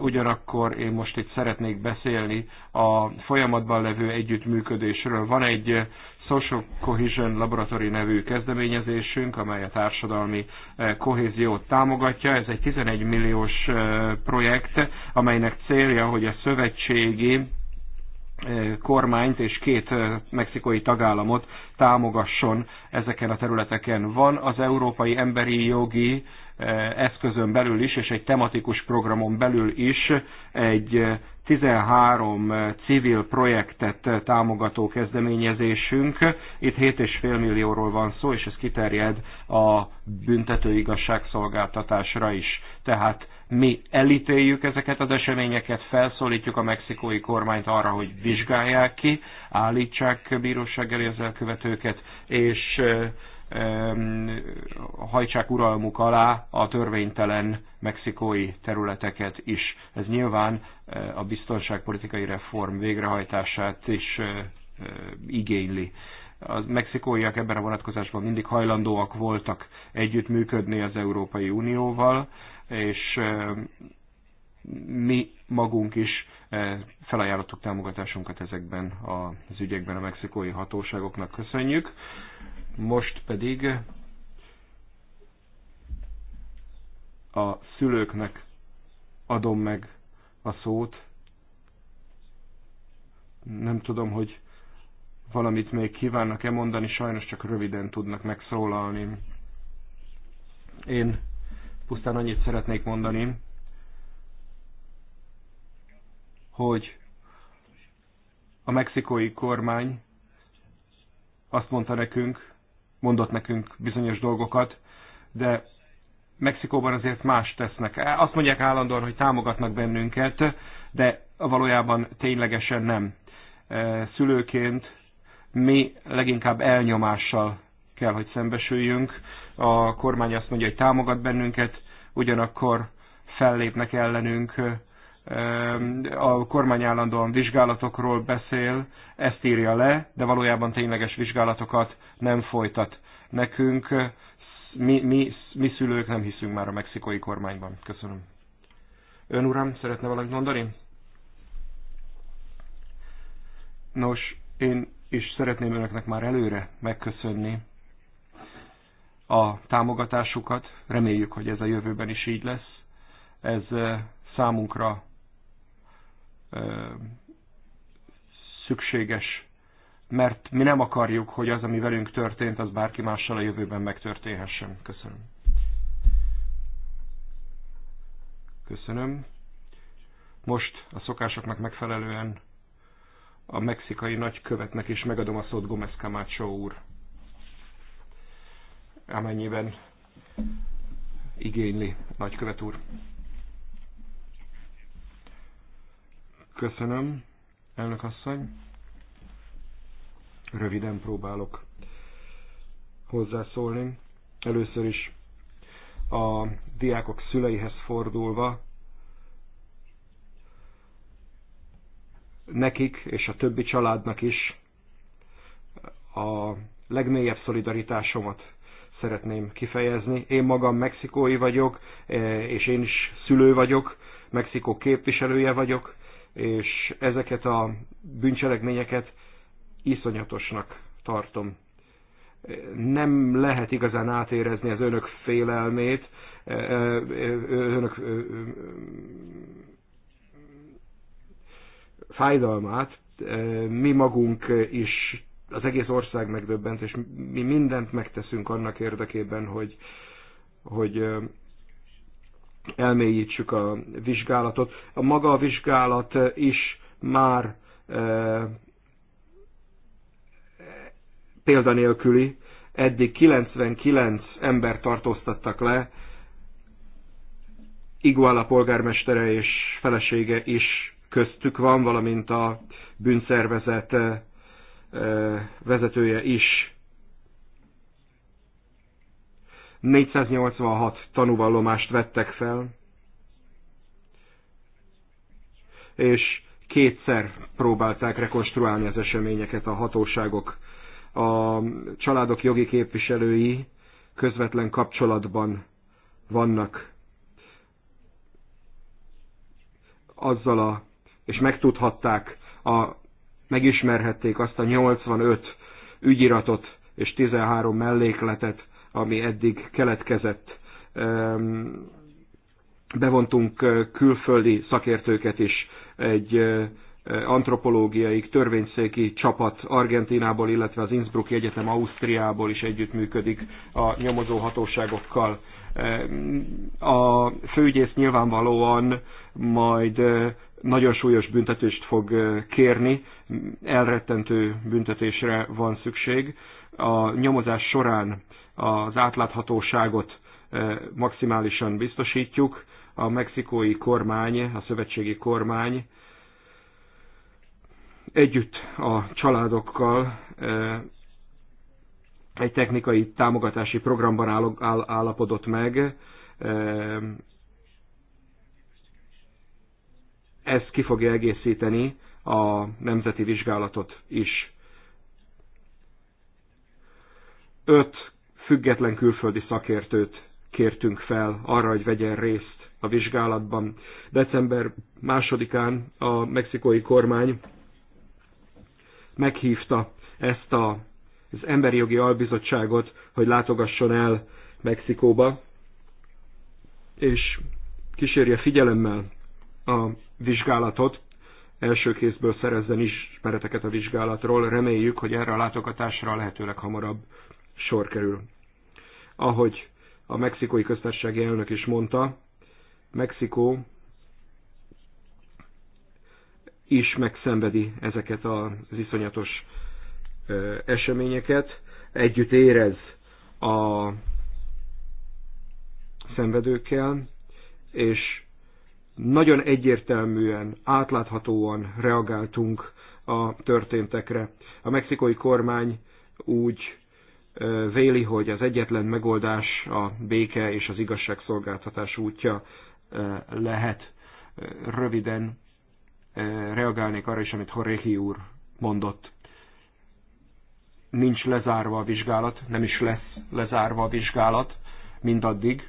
ugyanakkor én most itt szeretnék beszélni a folyamatban levő együttműködésről. Van egy Social Cohesion Laboratory nevű kezdeményezésünk, amely a társadalmi kohéziót támogatja. Ez egy 11 milliós projekt, amelynek célja, hogy a szövetségi kormányt és két mexikói tagállamot támogasson ezeken a területeken. Van az Európai Emberi Jogi eszközön belül is, és egy tematikus programon belül is egy 13 civil projektet támogató kezdeményezésünk. Itt 7,5 millióról van szó, és ez kiterjed a büntető igazságszolgáltatásra is. Tehát mi elítéljük ezeket az eseményeket, felszólítjuk a mexikói kormányt arra, hogy vizsgálják ki, állítsák bíróság elé az elkövetőket, és hajtsák uralmuk alá a törvénytelen mexikói területeket is. Ez nyilván a biztonságpolitikai reform végrehajtását is igényli. A mexikóiak ebben a vonatkozásban mindig hajlandóak voltak együttműködni az Európai Unióval, és mi magunk is felajánlottuk támogatásunkat ezekben az ügyekben a mexikói hatóságoknak. Köszönjük. Most pedig a szülőknek adom meg a szót. Nem tudom, hogy valamit még kívánnak-e mondani, sajnos csak röviden tudnak megszólalni. Én Pusztán annyit szeretnék mondani, hogy a mexikói kormány azt mondta nekünk, mondott nekünk bizonyos dolgokat, de Mexikóban azért más tesznek. Azt mondják állandóan, hogy támogatnak bennünket, de valójában ténylegesen nem. E, szülőként mi leginkább elnyomással kell, hogy szembesüljünk, a kormány azt mondja, hogy támogat bennünket, ugyanakkor fellépnek ellenünk, a kormány állandóan vizsgálatokról beszél, ezt írja le, de valójában tényleges vizsgálatokat nem folytat. Nekünk mi, mi, mi szülők nem hiszünk már a mexikai kormányban. Köszönöm. Ön uram, szeretne valamit mondani? Nos, én is szeretném önöknek már előre megköszönni a támogatásukat. Reméljük, hogy ez a jövőben is így lesz. Ez számunkra szükséges, mert mi nem akarjuk, hogy az, ami velünk történt, az bárki mással a jövőben megtörténhessen. Köszönöm. Köszönöm. Most a szokásoknak megfelelően a mexikai nagykövetnek is megadom a szót Gomez Camacho úr amennyiben igényli nagykövet úr. Köszönöm, elnök asszony. Röviden próbálok hozzászólni. Először is a diákok szüleihez fordulva, nekik és a többi családnak is a legmélyebb szolidaritásomat szeretném kifejezni. Én magam mexikói vagyok, eh, és én is szülő vagyok, Mexikó képviselője vagyok, és ezeket a bűncselekményeket iszonyatosnak tartom. Eh, nem lehet igazán átérezni az önök félelmét, eh, önök fájdalmát, mi magunk is az egész ország megdöbbent, és mi mindent megteszünk annak érdekében, hogy, hogy elmélyítsük a vizsgálatot. A maga a vizsgálat is már e, példanélküli, eddig 99 ember tartóztattak le, Iguala polgármestere és felesége is köztük van, valamint a bűnszervezet vezetője is 486 tanúvallomást vettek fel, és kétszer próbálták rekonstruálni az eseményeket a hatóságok. A családok jogi képviselői közvetlen kapcsolatban vannak azzal a, és megtudhatták a megismerhették azt a 85 ügyiratot és 13 mellékletet, ami eddig keletkezett. Ehm, bevontunk eh, külföldi szakértőket is egy eh, antropológiai, törvényszéki csapat Argentinából, illetve az Innsbrucki Egyetem Ausztriából is együttműködik a nyomozó hatóságokkal. Ehm, a főügyész nyilvánvalóan majd eh, nagyon súlyos büntetést fog kérni, elrettentő büntetésre van szükség. A nyomozás során az átláthatóságot maximálisan biztosítjuk. A mexikói kormány, a szövetségi kormány együtt a családokkal egy technikai támogatási programban állapodott meg, ez ki fogja egészíteni a nemzeti vizsgálatot is. Öt független külföldi szakértőt kértünk fel arra, hogy vegyen részt a vizsgálatban. December másodikán a mexikói kormány meghívta ezt a, az Emberi Jogi Albizottságot, hogy látogasson el Mexikóba, és kísérje figyelemmel a vizsgálatot, első kézből szerezzen ismereteket a vizsgálatról. Reméljük, hogy erre a látogatásra lehetőleg hamarabb sor kerül. Ahogy a mexikói köztársasági elnök is mondta, Mexikó is megszenvedi ezeket az iszonyatos eseményeket, együtt érez a szenvedőkkel, és nagyon egyértelműen, átláthatóan reagáltunk a történtekre. A mexikói kormány úgy véli, hogy az egyetlen megoldás a béke és az igazságszolgáltatás útja lehet. Röviden reagálnék arra is, amit Horéhi úr mondott. Nincs lezárva a vizsgálat, nem is lesz lezárva a vizsgálat mindaddig,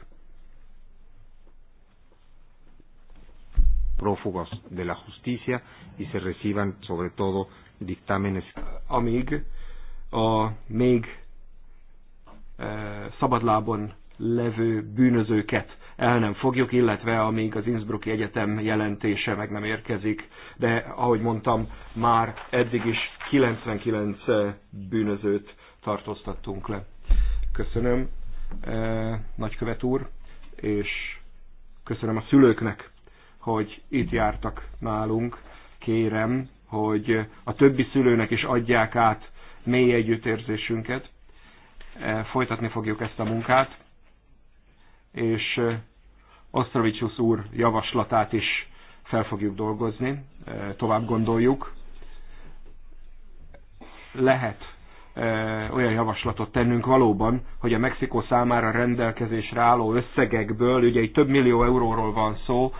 prófugos de la justicia y se reciban sobre todo dictámenes. Amíg a még uh, szabadlábon levő bűnözőket el nem fogjuk, illetve amíg az Innsbrucki Egyetem jelentése meg nem érkezik, de ahogy mondtam, már eddig is 99 eh, bűnözőt tartóztattunk le. Köszönöm, eh, nagykövet úr, és köszönöm a szülőknek hogy itt jártak nálunk, kérem, hogy a többi szülőnek is adják át mély együttérzésünket. E, folytatni fogjuk ezt a munkát, és e, Osztravicsus úr javaslatát is fel fogjuk dolgozni, e, tovább gondoljuk. Lehet olyan javaslatot tennünk valóban, hogy a Mexikó számára rendelkezésre álló összegekből, ugye egy több millió euróról van szó,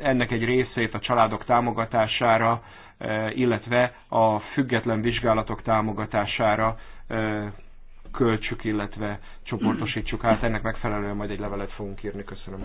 ennek egy részét a családok támogatására, illetve a független vizsgálatok támogatására költsük, illetve csoportosítsuk át. Ennek megfelelően majd egy levelet fogunk írni. Köszönöm.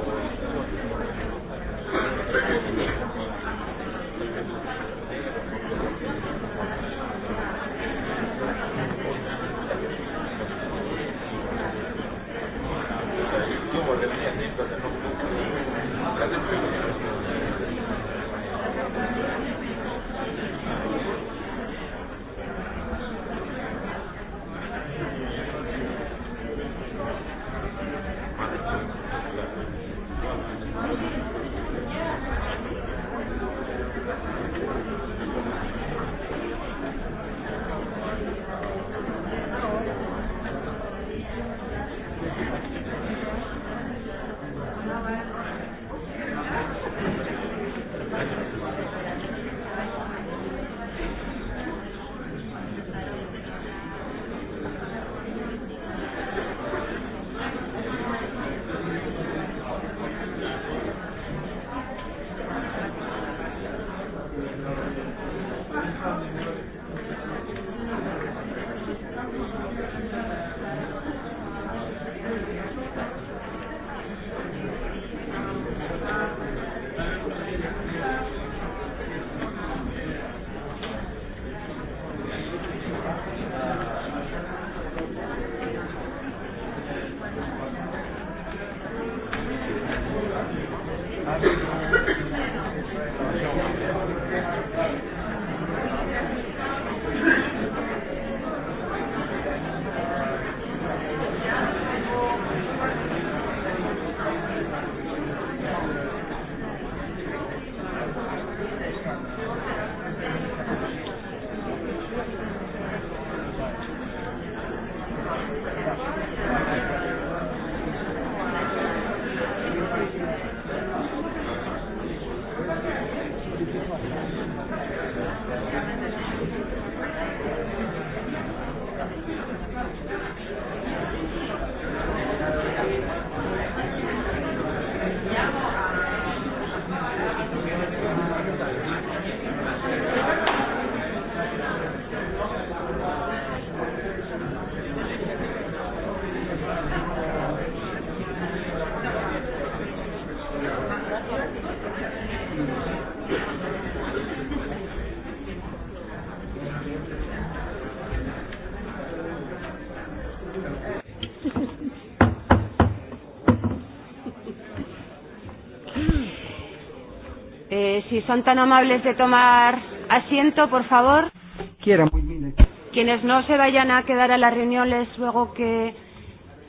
Si son tan amables de tomar asiento, por favor. Quiera, muy bien. Quienes no se vayan a quedar a la reunión, les ruego que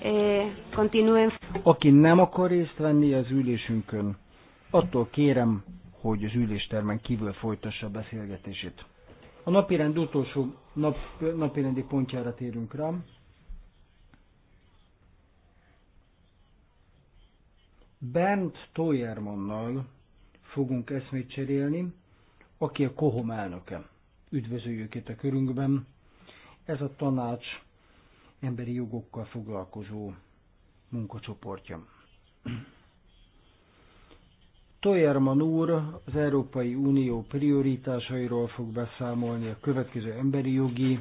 eh, continúen. Aki nem akar részt venni az ülésünkön, attól kérem, hogy az üléstermen kívül folytassa a beszélgetését. A napirend utolsó nap, napirendi pontjára térünk rá. Bernd Toyermannal fogunk eszmét cserélni, aki a Kohom elnöke. Üdvözöljük itt a körünkben. Ez a tanács emberi jogokkal foglalkozó munkacsoportja. Toyerman úr az Európai Unió prioritásairól fog beszámolni a következő emberi jogi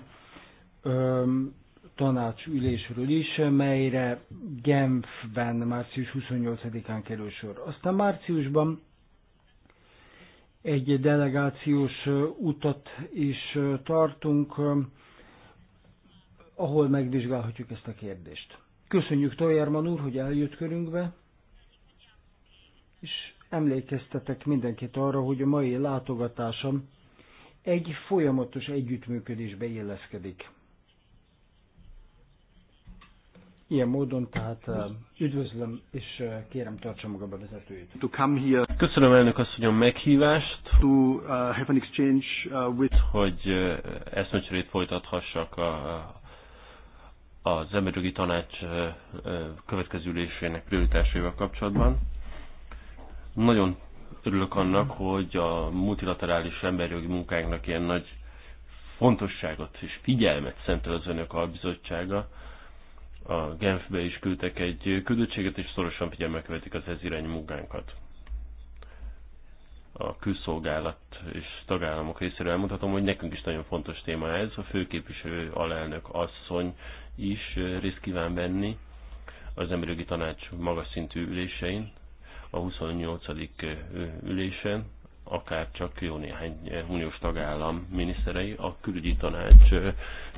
tanács tanácsülésről is, melyre Genfben március 28-án kerül sor. Aztán márciusban egy delegációs utat is tartunk, ahol megvizsgálhatjuk ezt a kérdést. Köszönjük Tojárman úr, hogy eljött körünkbe, és emlékeztetek mindenkit arra, hogy a mai látogatásom egy folyamatos együttműködésbe illeszkedik Ilyen módon tehát üdvözlöm, és kérem tartsa maga bevezetőjét. To come here. Köszönöm elnök meghívást. To uh, have an exchange uh, with... Hogy uh, eszmecserét folytathassak a, az emberjogi tanács következő ülésének prioritásaival kapcsolatban. Nagyon örülök annak, hogy a multilaterális emberjogi munkánknak ilyen nagy fontosságot és figyelmet szentel az önök a bizottsága a Genfbe is küldtek egy küldöttséget, és szorosan figyelme követik az ez irányú munkánkat. A külszolgálat és tagállamok részéről elmondhatom, hogy nekünk is nagyon fontos téma ez. A főképviselő alelnök asszony is részt kíván venni az emberi tanács magas szintű ülésein, a 28. ülésen, akár csak jó néhány eh, uniós tagállam miniszterei, a külügyi tanács eh,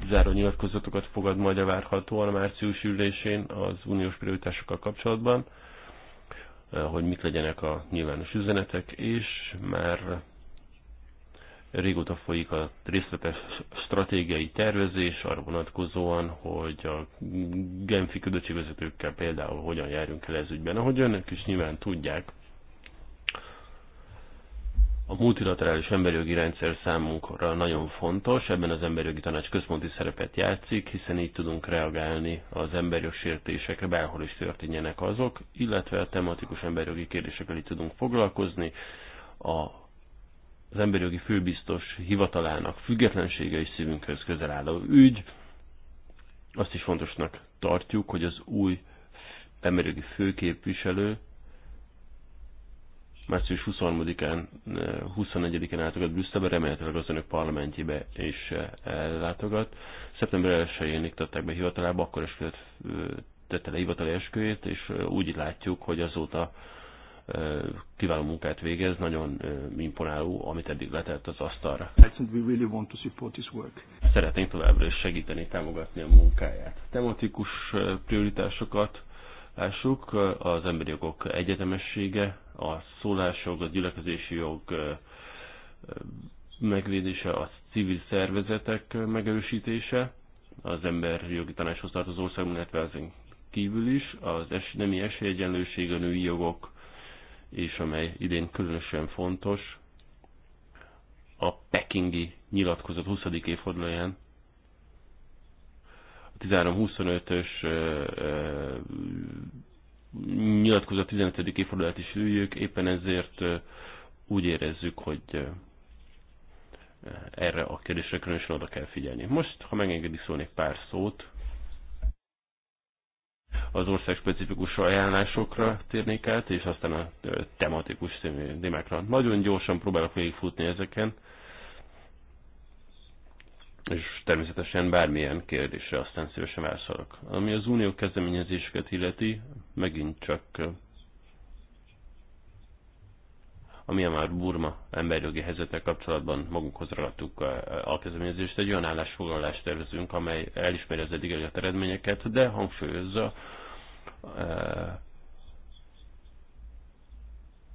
záró nyilatkozatokat fogad majd a várhatóan a március ülésén az uniós prioritásokkal kapcsolatban, eh, hogy mit legyenek a nyilvános üzenetek, és már régóta folyik a részletes stratégiai tervezés arra vonatkozóan, hogy a Genfi ködöttségvezetőkkel például hogyan járjunk el ez ügyben. Ahogy önök is nyilván tudják, a multilaterális emberjogi rendszer számunkra nagyon fontos, ebben az emberjogi tanács központi szerepet játszik, hiszen így tudunk reagálni az emberjog sértésekre, bárhol is történjenek azok, illetve a tematikus emberjogi kérdésekkel így tudunk foglalkozni. A az emberjogi főbiztos hivatalának függetlensége is szívünkhöz közel álló ügy. Azt is fontosnak tartjuk, hogy az új emberjogi főképviselő március 23-án, 24-én látogat Brüsszelbe, remélhetőleg az önök parlamentjébe is eh, ellátogat. Szeptember 1-én iktatták be hivatalába, akkor is eh, tette le hivatali esküjét, és eh, úgy látjuk, hogy azóta kiváló munkát végez, nagyon imponáló, amit eddig letett az asztalra. Really Szeretnénk továbbra is segíteni, támogatni a munkáját. Tematikus prioritásokat Lássuk, az emberi jogok egyetemessége, a szólásjog, a gyülekezési jog megvédése, a civil szervezetek megerősítése, az emberi jogi tanácshoz tartozó ország, illetve ezen kívül is, az es, nemi esélyegyenlőség, a női jogok, és amely idén különösen fontos, a pekingi nyilatkozat 20. évfordulóján 13-25-ös nyilatkozat 15. évfordulát is üljük, éppen ezért úgy érezzük, hogy erre a kérdésre különösen oda kell figyelni. Most, ha megengedik szólni pár szót, az ország specifikus ajánlásokra térnék át, és aztán a tematikus témákra. Nagyon gyorsan próbálok végigfutni ezeken és természetesen bármilyen kérdésre aztán szívesen válaszolok. Ami az unió kezdeményezéseket illeti, megint csak a már Burma emberjogi helyzetek kapcsolatban magunkhoz ragadtuk a kezdeményezést, egy olyan állásfoglalást tervezünk, amely elismeri az eddig elért eredményeket, de hangsúlyozza e,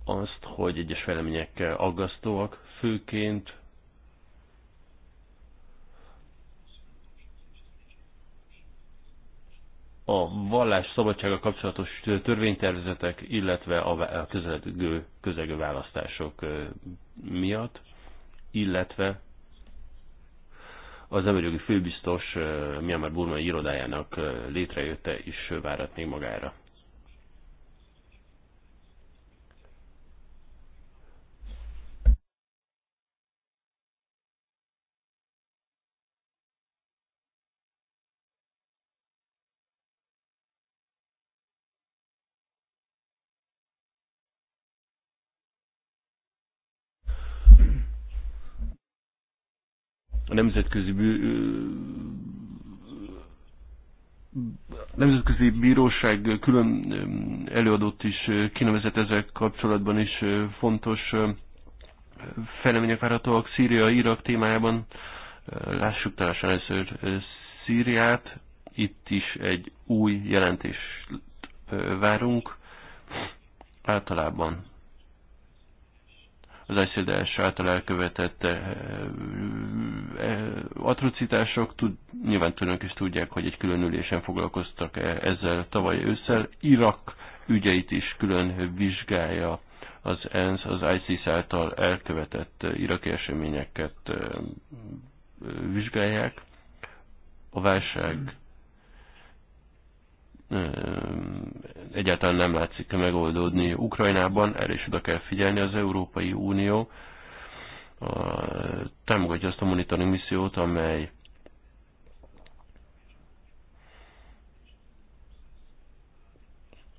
azt, hogy egyes fejlemények aggasztóak, főként a vallás szabadsága kapcsolatos törvénytervezetek, illetve a közelgő, közegő választások miatt, illetve az emberjogi főbiztos Myanmar burmai irodájának létrejötte is várat még magára. nemzetközi Nemzetközi Bíróság külön előadót is kinevezett ezek kapcsolatban is fontos felemények várhatóak Szíria-Irak témájában. Lássuk talán először Szíriát. Itt is egy új jelentést várunk. Általában az ICDS által elkövetett Eh, atrocitások, tud, nyilván tőlünk is tudják, hogy egy külön ülésen foglalkoztak eh, ezzel tavaly ősszel. Irak ügyeit is külön vizsgálja az ENSZ, az ISIS által elkövetett iraki eseményeket eh, vizsgálják. A válság egyáltalán nem látszik megoldódni Ukrajnában, erre is oda kell figyelni az Európai Unió a, támogatja azt a monitoring missziót, amely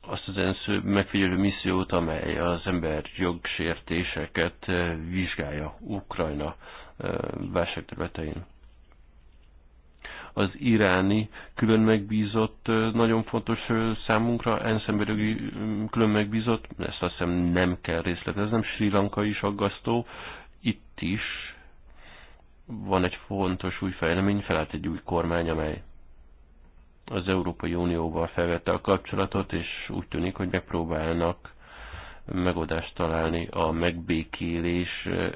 azt az ENSZ megfigyelő missziót, amely az ember jogsértéseket vizsgálja Ukrajna válságterületein. Az iráni külön megbízott nagyon fontos számunkra, ENSZ emberi külön megbízott, ezt azt hiszem nem kell részleteznem, Sri Lanka is aggasztó, itt is van egy fontos új fejlemény, felállt egy új kormány, amely az Európai Unióval felvette a kapcsolatot, és úgy tűnik, hogy megpróbálnak megoldást találni a megbékélés e, e,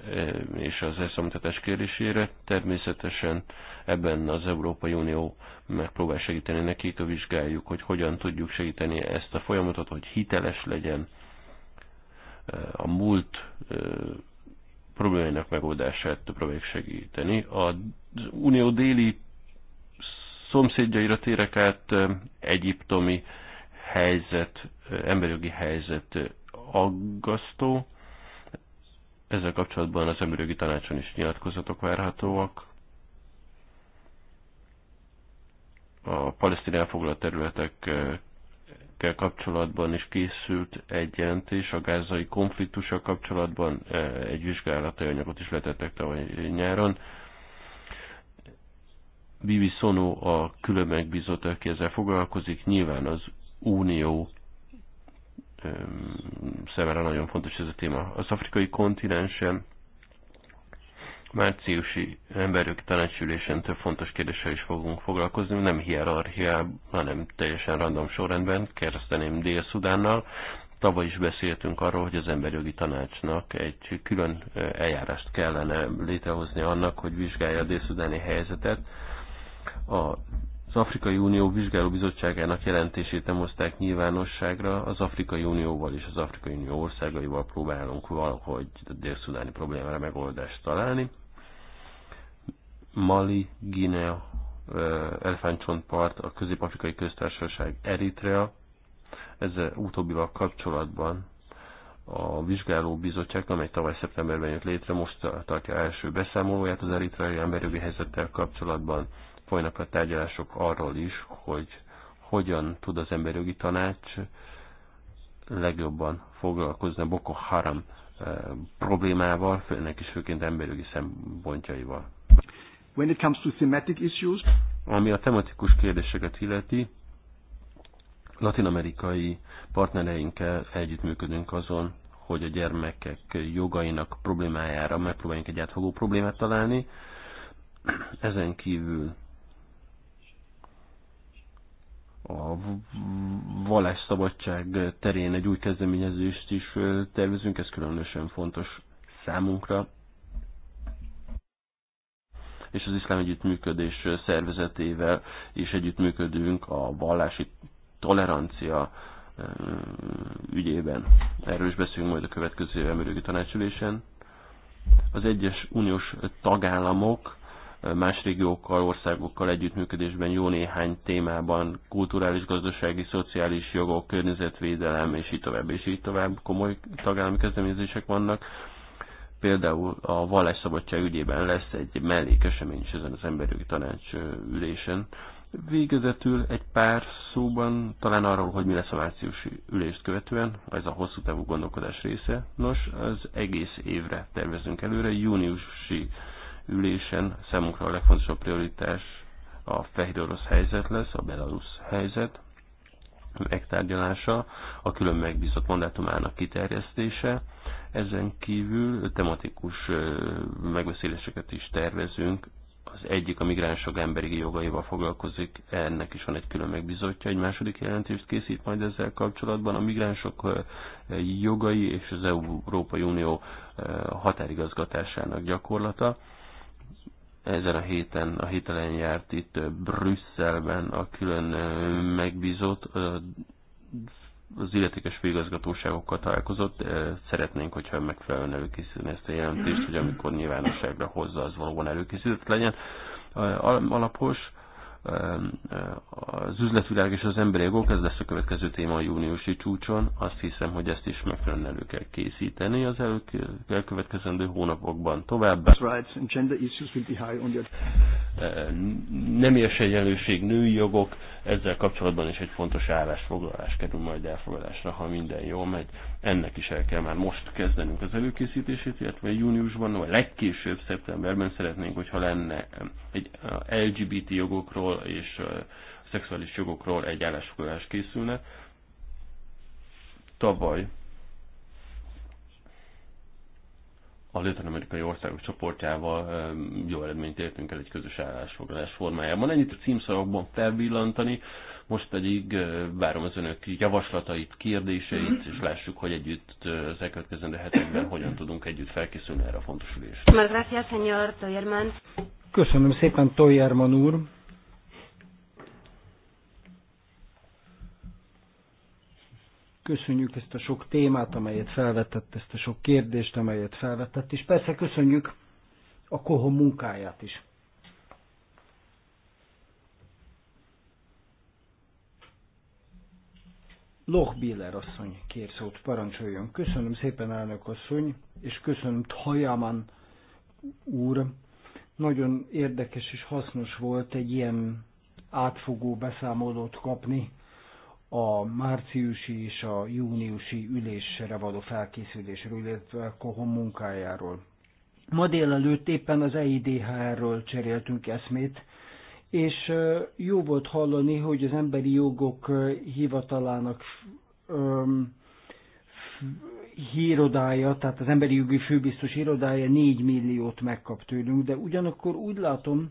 és az elszámítatás kérdésére. Természetesen ebben az Európai Unió megpróbál segíteni nekik, a vizsgáljuk, hogy hogyan tudjuk segíteni ezt a folyamatot, hogy hiteles legyen. E, a múlt problémáinak megoldását próbáljuk segíteni. Az unió déli szomszédjaira térek át egyiptomi helyzet, emberjogi helyzet aggasztó. Ezzel kapcsolatban az emberjogi tanácson is nyilatkozatok várhatóak. A palesztin elfoglalt területek kérdésekkel kapcsolatban is készült egy jelentés, a gázai konfliktussal kapcsolatban e, egy vizsgálati anyagot is letettek tavaly nyáron. Bibi Szonó a külön megbízott, aki ezzel foglalkozik, nyilván az Unió e, szemére nagyon fontos ez a téma. Az afrikai kontinensen márciusi emberjogi tanácsülésen több fontos kérdéssel is fogunk foglalkozni, nem hierarchiában, hanem teljesen random sorrendben, kereszteném Dél-Szudánnal. Tavaly is beszéltünk arról, hogy az emberjogi tanácsnak egy külön eljárást kellene létrehozni annak, hogy vizsgálja a dél-szudáni helyzetet. A az Afrikai Unió vizsgálóbizottságának jelentését nem hozták nyilvánosságra, az Afrikai Unióval és az Afrikai Unió országaival próbálunk valahogy a dél-szudáni problémára megoldást találni. Mali, Guinea, Elefántcsontpart, a Közép-Afrikai Köztársaság, Eritrea. Ezzel utóbbival kapcsolatban a vizsgáló bizottság, amely tavaly szeptemberben jött létre, most tartja első beszámolóját az eritreai emberjogi helyzettel kapcsolatban. Folynak a tárgyalások arról is, hogy hogyan tud az emberjogi tanács legjobban foglalkozni a Boko Haram problémával, ennek is főként emberjogi szempontjaival. When it comes to thematic issues, ami a tematikus kérdéseket illeti, latinamerikai partnereinkkel együttműködünk azon, hogy a gyermekek jogainak problémájára megpróbáljunk egy átfogó problémát találni. Ezen kívül a vallás szabadság terén egy új kezdeményezést is tervezünk, ez különösen fontos számunkra és az iszlám együttműködés szervezetével is együttműködünk a vallási tolerancia ügyében. Erről is beszélünk majd a következő emberjogi tanácsülésen. Az egyes uniós tagállamok más régiókkal, országokkal együttműködésben jó néhány témában, kulturális, gazdasági, szociális jogok, környezetvédelem, és így tovább, és így tovább komoly tagállami kezdeményezések vannak Például a szabadság ügyében lesz egy mellékesemény is ezen az emberi tanács ülésen. Végezetül egy pár szóban talán arról, hogy mi lesz a márciusi ülést követően, ez a hosszú távú gondolkodás része. Nos, az egész évre tervezünk előre, júniusi ülésen számunkra a legfontosabb prioritás a fehér orosz helyzet lesz, a belarusz helyzet, megtárgyalása, a külön megbízott mandátumának kiterjesztése. Ezen kívül tematikus megbeszéléseket is tervezünk. Az egyik a migránsok emberi jogaival foglalkozik, ennek is van egy külön megbizotja, egy második jelentést készít majd ezzel kapcsolatban. A migránsok jogai és az Európai Unió határigazgatásának gyakorlata ezen a héten a hitelen járt itt Brüsszelben a külön megbízott, az illetékes főigazgatóságokkal találkozott. Szeretnénk, hogyha megfelelően előkészülni ezt a jelentést, hogy amikor nyilvánosságra hozza, az valóban előkészült legyen. Alapos, az üzletvilág és az emberi jogok, ez lesz a következő téma a júniusi csúcson. Azt hiszem, hogy ezt is megfelelően elő kell készíteni az elkövetkezendő hónapokban továbbá. Nem egyenlőség, női jogok, ezzel kapcsolatban is egy fontos állásfoglalás kerül majd elfogadásra, ha minden jól megy. Ennek is el kell már most kezdenünk az előkészítését, illetve júniusban, vagy legkésőbb szeptemberben szeretnénk, hogyha lenne egy LGBT jogokról, jogokról és a szexuális jogokról egy állásfoglalás készülne. Tavaly a latin-amerikai országok csoportjával jó eredményt értünk el egy közös állásfoglalás formájában. Ennyit a címszavakban felvillantani, most pedig várom az önök javaslatait, kérdéseit, és lássuk, hogy együtt az elkövetkezendő hetekben hogyan tudunk együtt felkészülni erre a fontos ülésre. Köszönöm szépen, Toyerman úr! Köszönjük ezt a sok témát, amelyet felvetett, ezt a sok kérdést, amelyet felvetett, és persze köszönjük a Koho munkáját is. Loch Biller asszony kér szót, parancsoljon. Köszönöm szépen, elnök asszony, és köszönöm Tajaman úr. Nagyon érdekes és hasznos volt egy ilyen átfogó beszámolót kapni a márciusi és a júniusi ülésre való felkészülésről, illetve a Kohon munkájáról. Ma délelőtt éppen az EIDHR-ről cseréltünk eszmét, és jó volt hallani, hogy az emberi jogok hivatalának hírodája, tehát az emberi jogi főbiztos irodája 4 milliót megkap tőlünk, de ugyanakkor úgy látom,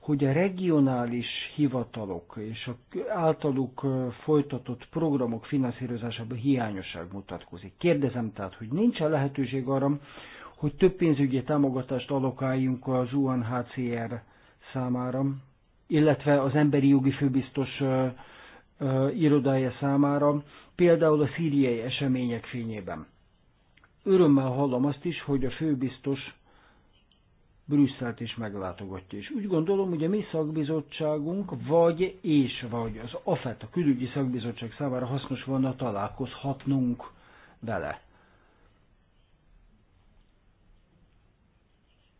hogy a regionális hivatalok és a általuk folytatott programok finanszírozásában hiányosság mutatkozik. Kérdezem tehát, hogy nincs-e lehetőség arra, hogy több pénzügyi támogatást alokáljunk az UNHCR számára, illetve az emberi jogi főbiztos irodája számára, például a szíriai események fényében. Örömmel hallom azt is, hogy a főbiztos Brüsszelt is meglátogatja. És úgy gondolom, hogy a mi szakbizottságunk vagy és vagy az AFET, a külügyi szakbizottság számára hasznos volna találkozhatnunk vele.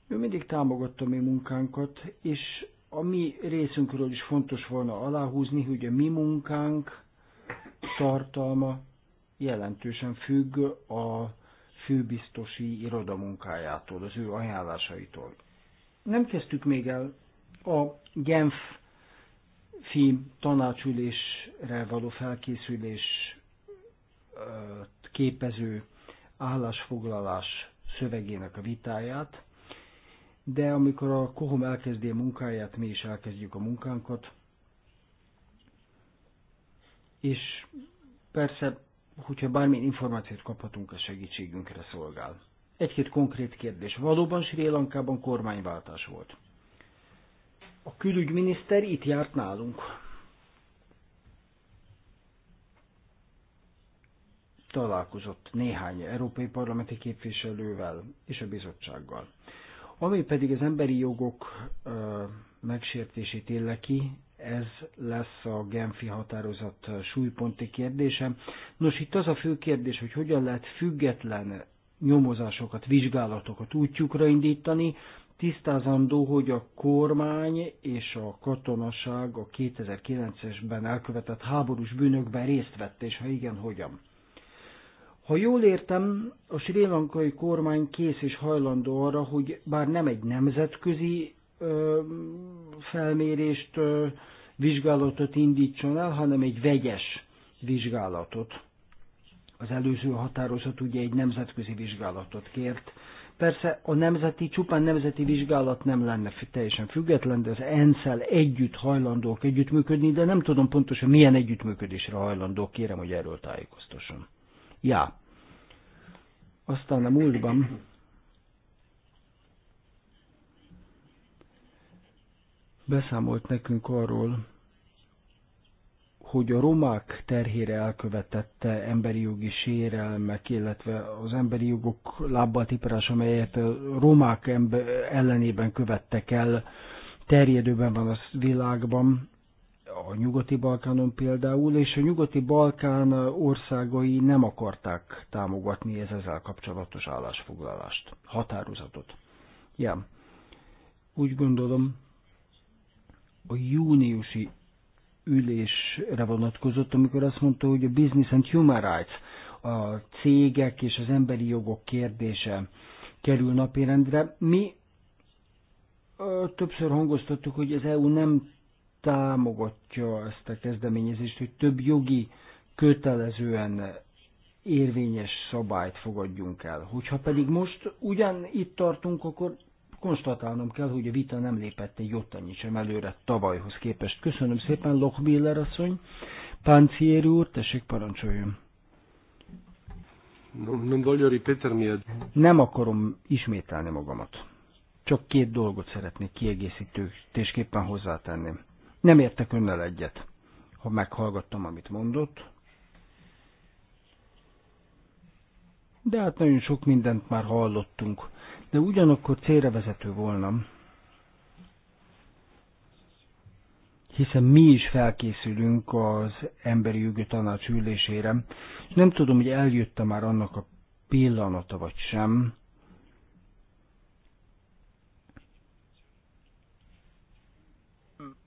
Ő mindig támogatta mi munkánkat, és a mi részünkről is fontos volna aláhúzni, hogy a mi munkánk tartalma jelentősen függ a főbiztosi irodamunkájától, az ő ajánlásaitól. Nem kezdtük még el a Genf film tanácsülésre való felkészülés képező állásfoglalás szövegének a vitáját, de amikor a Kohom elkezdi a munkáját, mi is elkezdjük a munkánkat, és persze hogyha bármilyen információt kaphatunk, a segítségünkre szolgál. Egy-két konkrét kérdés. Valóban Sri Lankában kormányváltás volt. A külügyminiszter itt járt nálunk. Találkozott néhány európai parlamenti képviselővel és a bizottsággal. Ami pedig az emberi jogok ö, megsértését illeti, ez lesz a Genfi határozat súlyponti kérdése. Nos, itt az a fő kérdés, hogy hogyan lehet független nyomozásokat, vizsgálatokat útjukra indítani, tisztázandó, hogy a kormány és a katonaság a 2009-esben elkövetett háborús bűnökben részt vett, és ha igen, hogyan. Ha jól értem, a sri lankai kormány kész és hajlandó arra, hogy bár nem egy nemzetközi felmérést, vizsgálatot indítson el, hanem egy vegyes vizsgálatot. Az előző határozat ugye egy nemzetközi vizsgálatot kért. Persze a nemzeti, csupán nemzeti vizsgálat nem lenne teljesen független, de az ENSZ-el együtt hajlandók együttműködni, de nem tudom pontosan milyen együttműködésre hajlandók, kérem, hogy erről tájékoztasson. Ja. Aztán a múltban beszámolt nekünk arról, hogy a romák terhére elkövetette emberi jogi sérelmek, illetve az emberi jogok lábbal tiparás, amelyet a romák ellenében követtek el, terjedőben van a világban, a nyugati Balkánon például, és a nyugati Balkán országai nem akarták támogatni ez ezzel kapcsolatos állásfoglalást, határozatot. Ja, úgy gondolom, a júniusi ülésre vonatkozott, amikor azt mondta, hogy a Business and Human Rights, a cégek és az emberi jogok kérdése kerül napirendre. Mi többször hangoztattuk, hogy az EU nem támogatja ezt a kezdeményezést, hogy több jogi kötelezően érvényes szabályt fogadjunk el. Hogyha pedig most ugyan itt tartunk, akkor konstatálnom kell, hogy a vita nem lépett egy jottanyi sem előre tavalyhoz képest. Köszönöm szépen, Lochmiller asszony. Páncier úr, tessék parancsoljon. Nem akarom ismételni magamat. Csak két dolgot szeretnék kiegészítésképpen hozzátenni. Nem értek önnel egyet, ha meghallgattam, amit mondott. De hát nagyon sok mindent már hallottunk de ugyanakkor célra vezető volna, hiszen mi is felkészülünk az emberi jogi tanács ülésére, és nem tudom, hogy eljötte már annak a pillanata vagy sem,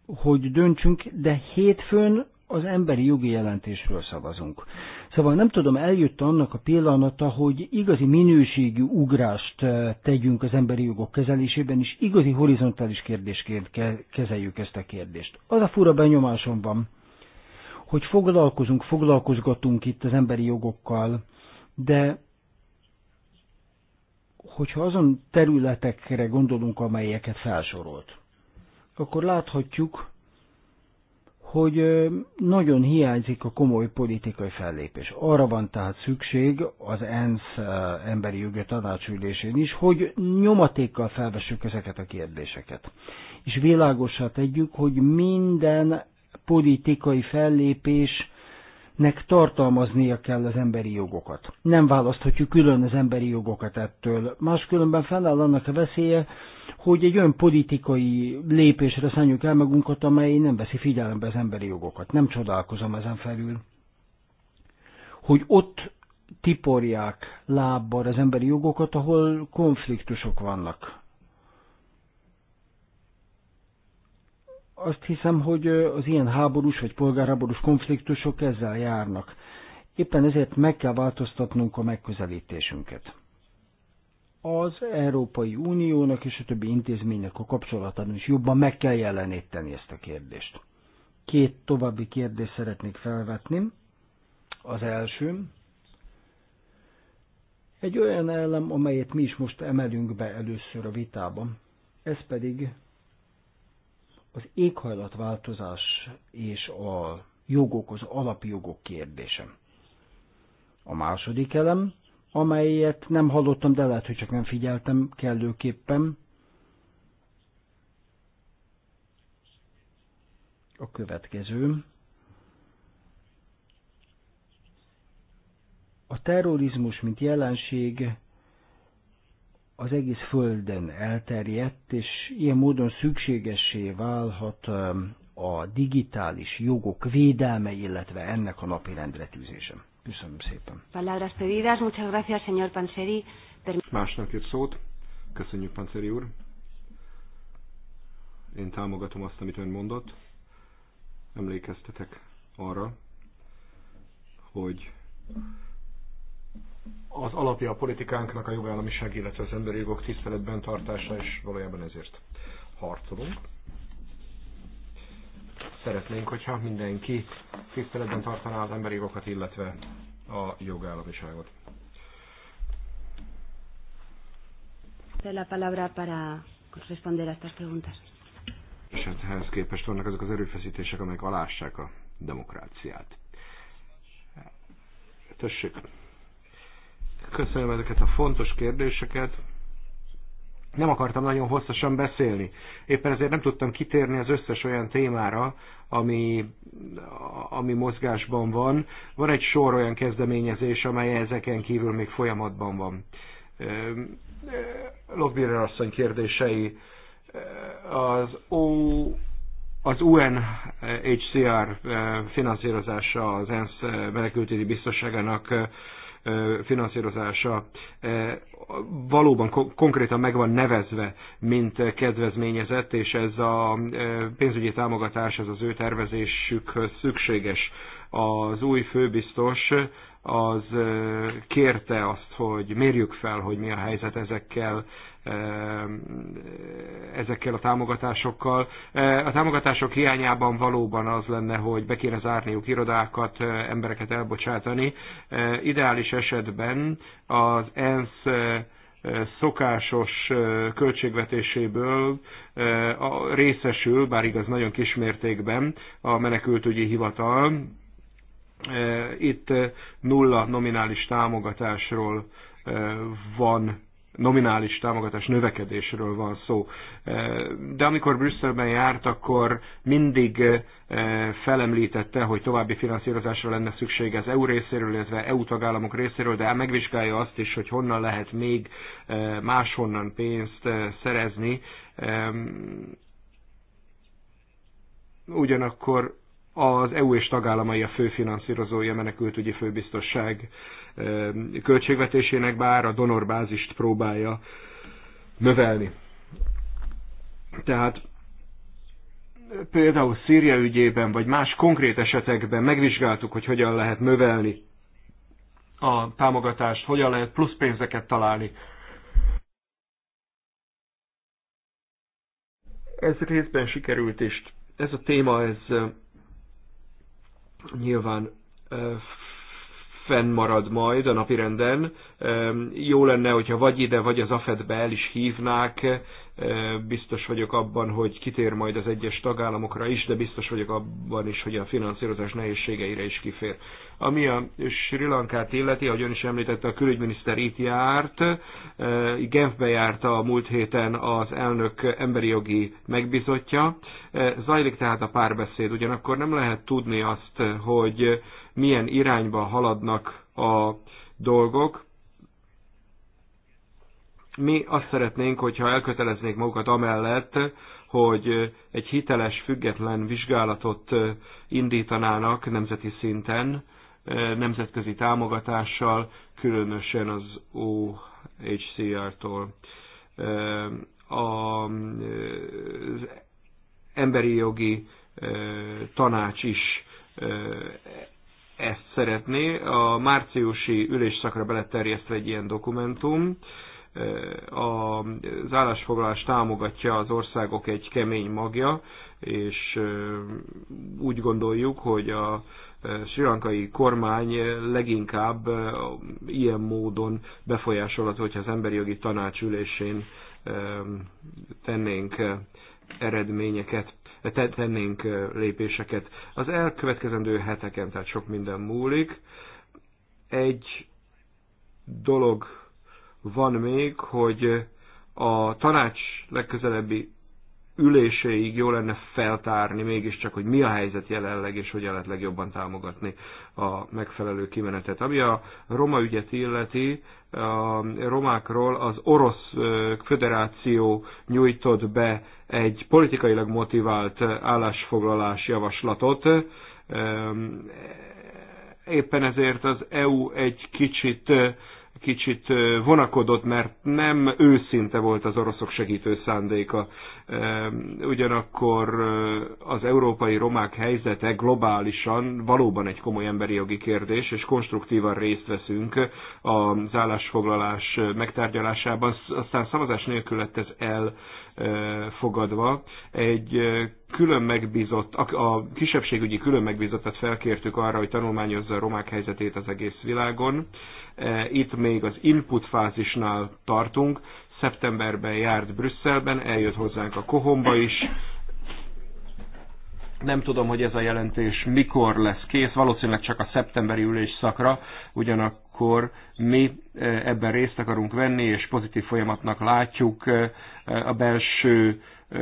hogy döntsünk, de hétfőn az emberi jogi jelentésről szavazunk. Szóval nem tudom, eljött annak a pillanata, hogy igazi minőségű ugrást eh, tegyünk az emberi jogok kezelésében, és igazi horizontális kérdésként kezeljük ezt a kérdést. Az a fura benyomásom van, hogy foglalkozunk, foglalkozgatunk itt az emberi jogokkal, de hogyha azon területekre gondolunk, amelyeket felsorolt, akkor láthatjuk, hogy nagyon hiányzik a komoly politikai fellépés. Arra van tehát szükség az ENSZ emberi jogi tanácsülésén is, hogy nyomatékkal felvessük ezeket a kérdéseket. És világosat tegyük, hogy minden politikai fellépés nek tartalmaznia kell az emberi jogokat. Nem választhatjuk külön az emberi jogokat ettől. Máskülönben fennáll annak a veszélye, hogy egy olyan politikai lépésre szálljuk el magunkat, amely nem veszi figyelembe az emberi jogokat. Nem csodálkozom ezen felül. Hogy ott tiporják lábbal az emberi jogokat, ahol konfliktusok vannak Azt hiszem, hogy az ilyen háborús vagy polgárháborús konfliktusok ezzel járnak. Éppen ezért meg kell változtatnunk a megközelítésünket. Az Európai Uniónak és a többi intézménynek a kapcsolatában is jobban meg kell jeleníteni ezt a kérdést. Két további kérdést szeretnék felvetni. Az első, egy olyan elem, amelyet mi is most emelünk be először a vitában, ez pedig az éghajlatváltozás és a jogok, az alapjogok kérdése. A második elem, amelyet nem hallottam, de lehet, hogy csak nem figyeltem kellőképpen, a következő. A terrorizmus, mint jelenség az egész Földön elterjedt, és ilyen módon szükségessé válhat um, a digitális jogok védelme, illetve ennek a napirendre tűzése. Köszönöm szépen. Palabras pedidas, muchas gracias, señor Panseri. Másnak írt szót. Köszönjük, Panseri úr. Én támogatom azt, amit ön mondott. Emlékeztetek arra, hogy az alapja a politikánknak a jogállamiság, illetve az emberi jogok tiszteletben tartása, és valójában ezért harcolunk. Szeretnénk, hogyha mindenki tiszteletben tartaná az emberi jogokat, illetve a jogállamiságot. És hát ehhez képest vannak azok az erőfeszítések, amelyek alássák a demokráciát. Tessék! Köszönöm ezeket a fontos kérdéseket. Nem akartam nagyon hosszasan beszélni. Éppen ezért nem tudtam kitérni az összes olyan témára, ami, ami mozgásban van. Van egy sor olyan kezdeményezés, amely ezeken kívül még folyamatban van. Logbirre asszony kérdései. Az O az UNHCR finanszírozása az ENSZ menekültéri biztonságának finanszírozása valóban konkrétan meg van nevezve, mint kedvezményezett, és ez a pénzügyi támogatás, ez az ő tervezésükhöz szükséges. Az új főbiztos az kérte azt, hogy mérjük fel, hogy mi a helyzet ezekkel Eh, ezekkel a támogatásokkal. Eh, a támogatások hiányában valóban az lenne, hogy be kéne zárniuk irodákat, eh, embereket elbocsátani. Ideális esetben az ENSZ szokásos költségvetéséből részesül, bár igaz nagyon kismértékben, a menekültügyi hivatal. Itt nulla nominális támogatásról van nominális támogatás növekedésről van szó. E, de amikor Brüsszelben járt, akkor mindig e, felemlítette, hogy további finanszírozásra lenne szükség az EU részéről, illetve EU tagállamok részéről, de megvizsgálja azt is, hogy honnan lehet még e, máshonnan pénzt szerezni. Ugyanakkor az EU és tagállamai a főfinanszírozója a menekültügyi főbiztosság költségvetésének, bár a donorbázist próbálja növelni. Tehát például Szíria ügyében, vagy más konkrét esetekben megvizsgáltuk, hogy hogyan lehet növelni a támogatást, hogyan lehet plusz pénzeket találni. Ez részben sikerült, és ez a téma, ez nyilván fennmarad majd a napirenden. Jó lenne, hogyha vagy ide, vagy az AFED-be el is hívnák. Biztos vagyok abban, hogy kitér majd az egyes tagállamokra is, de biztos vagyok abban is, hogy a finanszírozás nehézségeire is kifér. Ami a Sri Lankát illeti, ahogy ön is említette, a külügyminiszter itt járt, Genfbe járta a múlt héten az elnök emberi jogi megbizotja. Zajlik tehát a párbeszéd, ugyanakkor nem lehet tudni azt, hogy milyen irányba haladnak a dolgok, mi azt szeretnénk, hogyha elköteleznék magukat amellett, hogy egy hiteles, független vizsgálatot indítanának nemzeti szinten nemzetközi támogatással, különösen az OHCR-tól. Az emberi jogi tanács is ezt szeretné. A márciusi ülésszakra beleterjesztve egy ilyen dokumentum. Az állásfoglalás támogatja az országok egy kemény magja, és úgy gondoljuk, hogy a Lankai kormány leginkább ilyen módon befolyásolható, hogyha az emberi jogi tanácsülésén tennénk eredményeket, tennénk lépéseket. Az elkövetkezendő heteken, tehát sok minden múlik. Egy dolog van még, hogy a tanács legközelebbi üléséig jó lenne feltárni mégiscsak, hogy mi a helyzet jelenleg, és hogyan lehet legjobban támogatni a megfelelő kimenetet. Ami a roma ügyet illeti, a romákról az Orosz Föderáció nyújtott be egy politikailag motivált állásfoglalás javaslatot. Éppen ezért az EU egy kicsit kicsit vonakodott, mert nem őszinte volt az oroszok segítő szándéka Ehm, ugyanakkor az európai romák helyzete globálisan valóban egy komoly emberi jogi kérdés, és konstruktívan részt veszünk az állásfoglalás megtárgyalásában. Aztán szavazás nélkül lett ez elfogadva. Egy külön megbízott, a kisebbségügyi külön megbízottat felkértük arra, hogy tanulmányozza a romák helyzetét az egész világon. Itt még az input fázisnál tartunk, szeptemberben járt Brüsszelben, eljött hozzánk a Kohomba is. Nem tudom, hogy ez a jelentés mikor lesz kész, valószínűleg csak a szeptemberi ülésszakra, ugyanakkor mi e, ebben részt akarunk venni, és pozitív folyamatnak látjuk e, a belső, e,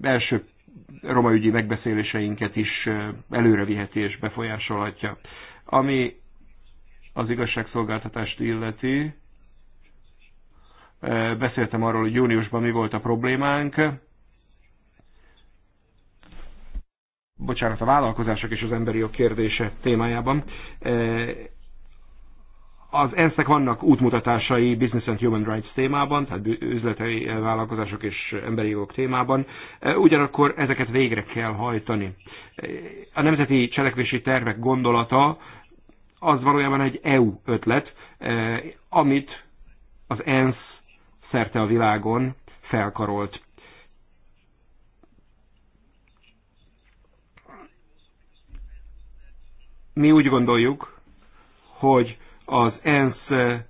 belső romaügyi megbeszéléseinket is előreviheti és befolyásolhatja. Ami az igazságszolgáltatást illeti, Beszéltem arról, hogy júniusban mi volt a problémánk. Bocsánat, a vállalkozások és az emberi jog kérdése témájában. E, az ensz vannak útmutatásai Business and Human Rights témában, tehát üzleti e, vállalkozások és emberi jogok témában, e, ugyanakkor ezeket végre kell hajtani. A nemzeti cselekvési tervek gondolata az valójában egy EU ötlet, amit az ENSZ szerte a világon felkarolt. Mi úgy gondoljuk, hogy az ENSZ eh,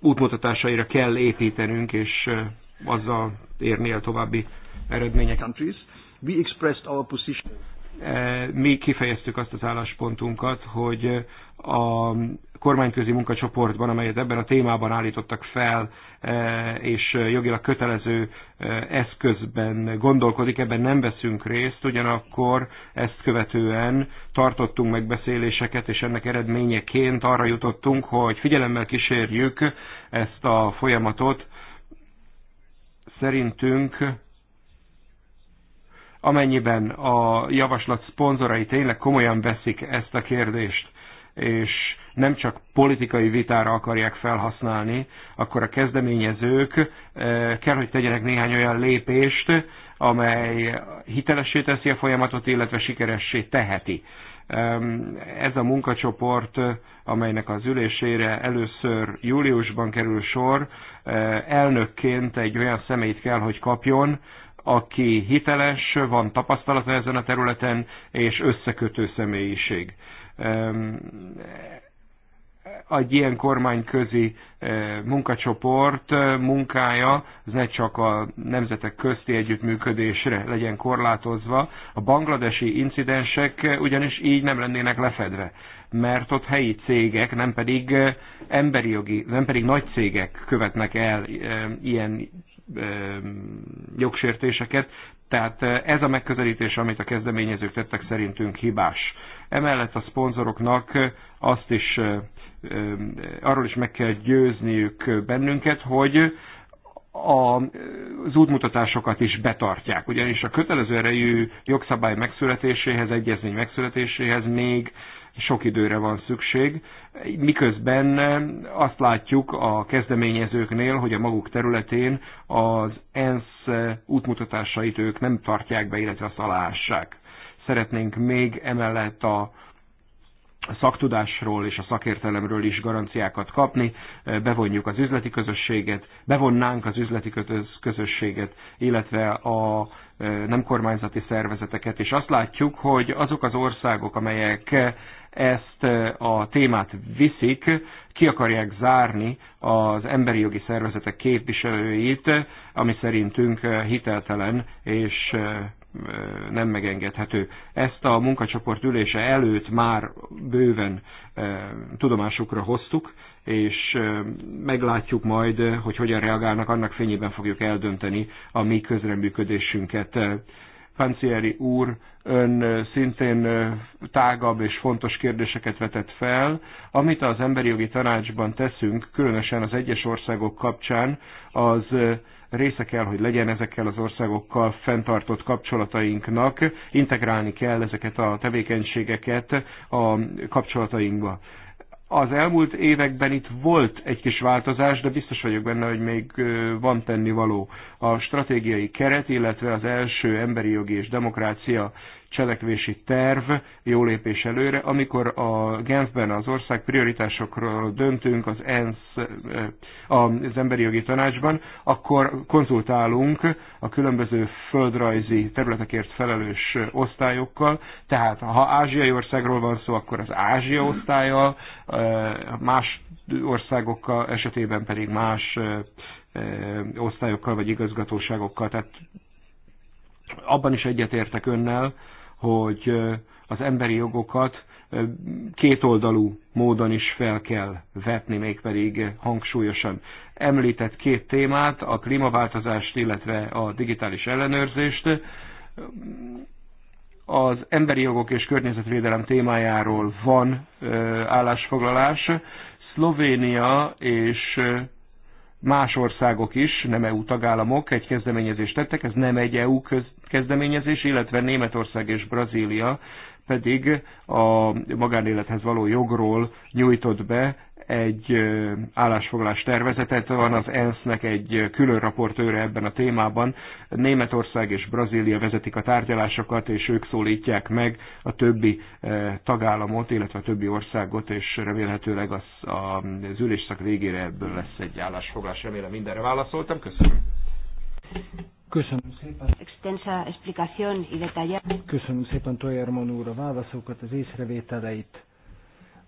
útmutatásaira kell építenünk, és eh, azzal érni el további eredményeket mi kifejeztük azt az álláspontunkat, hogy a kormányközi munkacsoportban, amelyet ebben a témában állítottak fel, e, és jogilag kötelező e, eszközben gondolkodik, ebben nem veszünk részt, ugyanakkor ezt követően tartottunk megbeszéléseket, és ennek eredményeként arra jutottunk, hogy figyelemmel kísérjük ezt a folyamatot. Szerintünk amennyiben a javaslat szponzorai tényleg komolyan veszik ezt a kérdést, és nem csak politikai vitára akarják felhasználni, akkor a kezdeményezők eh, kell, hogy tegyenek néhány olyan lépést, amely hitelessé teszi a folyamatot, illetve sikeressé teheti. Ez a munkacsoport, amelynek az ülésére először júliusban kerül sor, eh, elnökként egy olyan személyt kell, hogy kapjon, aki hiteles, van tapasztalata ezen a területen, és összekötő személyiség. Egy ilyen kormányközi eh, munkacsoport eh, munkája, az ne csak a nemzetek közti együttműködésre legyen korlátozva, a bangladesi incidensek eh, ugyanis így nem lennének lefedve mert ott helyi cégek, nem pedig emberi jogi, nem pedig nagy cégek követnek el ilyen jogsértéseket. Tehát ez a megközelítés, amit a kezdeményezők tettek, szerintünk hibás. Emellett a szponzoroknak azt is, arról is meg kell győzniük bennünket, hogy az útmutatásokat is betartják, ugyanis a kötelező erejű jogszabály megszületéséhez, egyezmény megszületéséhez még sok időre van szükség, miközben eh, azt látjuk a kezdeményezőknél, hogy a maguk területén az ENSZ eh, útmutatásait ők nem tartják be, illetve azt aláássák. Szeretnénk még emellett a a szaktudásról és a szakértelemről is garanciákat kapni, eh, bevonjuk az üzleti közösséget, bevonnánk az üzleti közösséget, illetve a nem kormányzati szervezeteket, és azt látjuk, hogy azok az országok, amelyek ezt eh, a témát viszik, ki akarják zárni az emberi jogi szervezetek képviselőit, ami szerintünk eh, hiteltelen és eh, nem megengedhető. Ezt a munkacsoport ülése előtt már bőven tudomásukra hoztuk, és meglátjuk majd, hogy hogyan reagálnak, annak fényében fogjuk eldönteni a mi közreműködésünket. Pancieri úr, ön szintén tágabb és fontos kérdéseket vetett fel. Amit az emberi jogi tanácsban teszünk, különösen az egyes országok kapcsán, az része kell, hogy legyen ezekkel az országokkal fenntartott kapcsolatainknak, integrálni kell ezeket a tevékenységeket a kapcsolatainkba. Az elmúlt években itt volt egy kis változás, de biztos vagyok benne, hogy még van tennivaló. A stratégiai keret, illetve az első emberi jogi és demokrácia cselekvési terv, jó lépés előre. Amikor a Genfben az ország prioritásokról döntünk az ENSZ, eh, az Emberi Jogi Tanácsban, akkor konzultálunk a különböző földrajzi területekért felelős osztályokkal, tehát ha ázsiai országról van szó, akkor az Ázsia osztályjal, eh, más országokkal esetében pedig más eh, osztályokkal vagy igazgatóságokkal, tehát abban is egyetértek önnel, hogy az emberi jogokat kétoldalú módon is fel kell vetni, mégpedig hangsúlyosan. Említett két témát, a klímaváltozást, illetve a digitális ellenőrzést. Az emberi jogok és környezetvédelem témájáról van állásfoglalás. Szlovénia és más országok is, nem EU tagállamok egy kezdeményezést tettek, ez nem egy EU köz, kezdeményezés, illetve Németország és Brazília pedig a magánélethez való jogról nyújtott be egy állásfoglalás tervezetet, van az ENSZ-nek egy külön raportőre ebben a témában. Németország és Brazília vezetik a tárgyalásokat, és ők szólítják meg a többi tagállamot, illetve a többi országot, és remélhetőleg az, az ülésszak végére ebből lesz egy állásfoglalás. Remélem mindenre válaszoltam. Köszönöm. Köszönöm szépen. Extensa explicación y detallada. Köszönöm szépen Toyerman úr a válaszokat, az észrevételeit.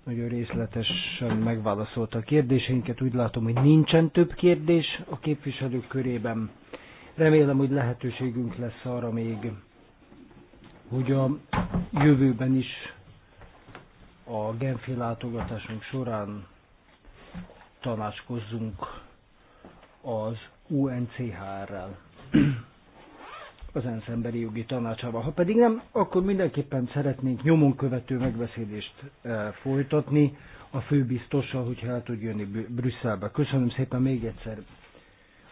Nagyon részletesen megválaszolta a kérdéseinket. Úgy látom, hogy nincsen több kérdés a képviselők körében. Remélem, hogy lehetőségünk lesz arra még, hogy a jövőben is a Genfi látogatásunk során tanácskozzunk az UNCHR-rel az ENSZ emberi jogi tanácsával. Ha pedig nem, akkor mindenképpen szeretnénk nyomon követő megbeszélést eh, folytatni a főbiztossal, hogyha el tud jönni Brüsszelbe. Köszönöm szépen még egyszer,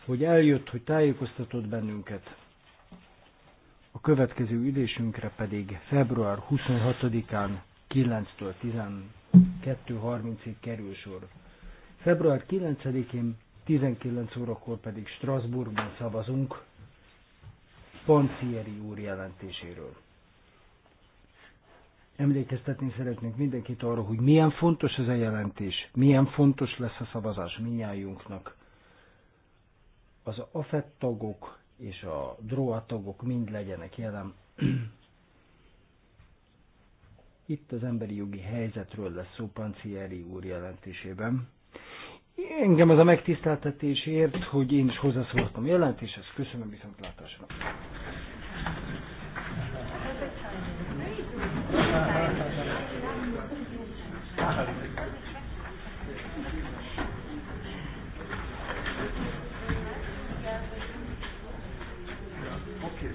hogy eljött, hogy tájékoztatott bennünket. A következő ülésünkre pedig február 26-án 9-től 12.30-ig kerül sor. Február 9-én 19 órakor pedig Strasbourgban szavazunk Pancieri úr jelentéséről. Emlékeztetni szeretnék mindenkit arra, hogy milyen fontos ez a jelentés, milyen fontos lesz a szavazás minnyájunknak. Az AFET tagok és a DROA tagok mind legyenek jelen. Itt az emberi jogi helyzetről lesz szó Pancieri úr jelentésében Engem ez a megtiszteltetésért, hogy én is hozzászóltam jelentéshez. Köszönöm viszontlátásra. Okay,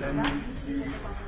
yeah, and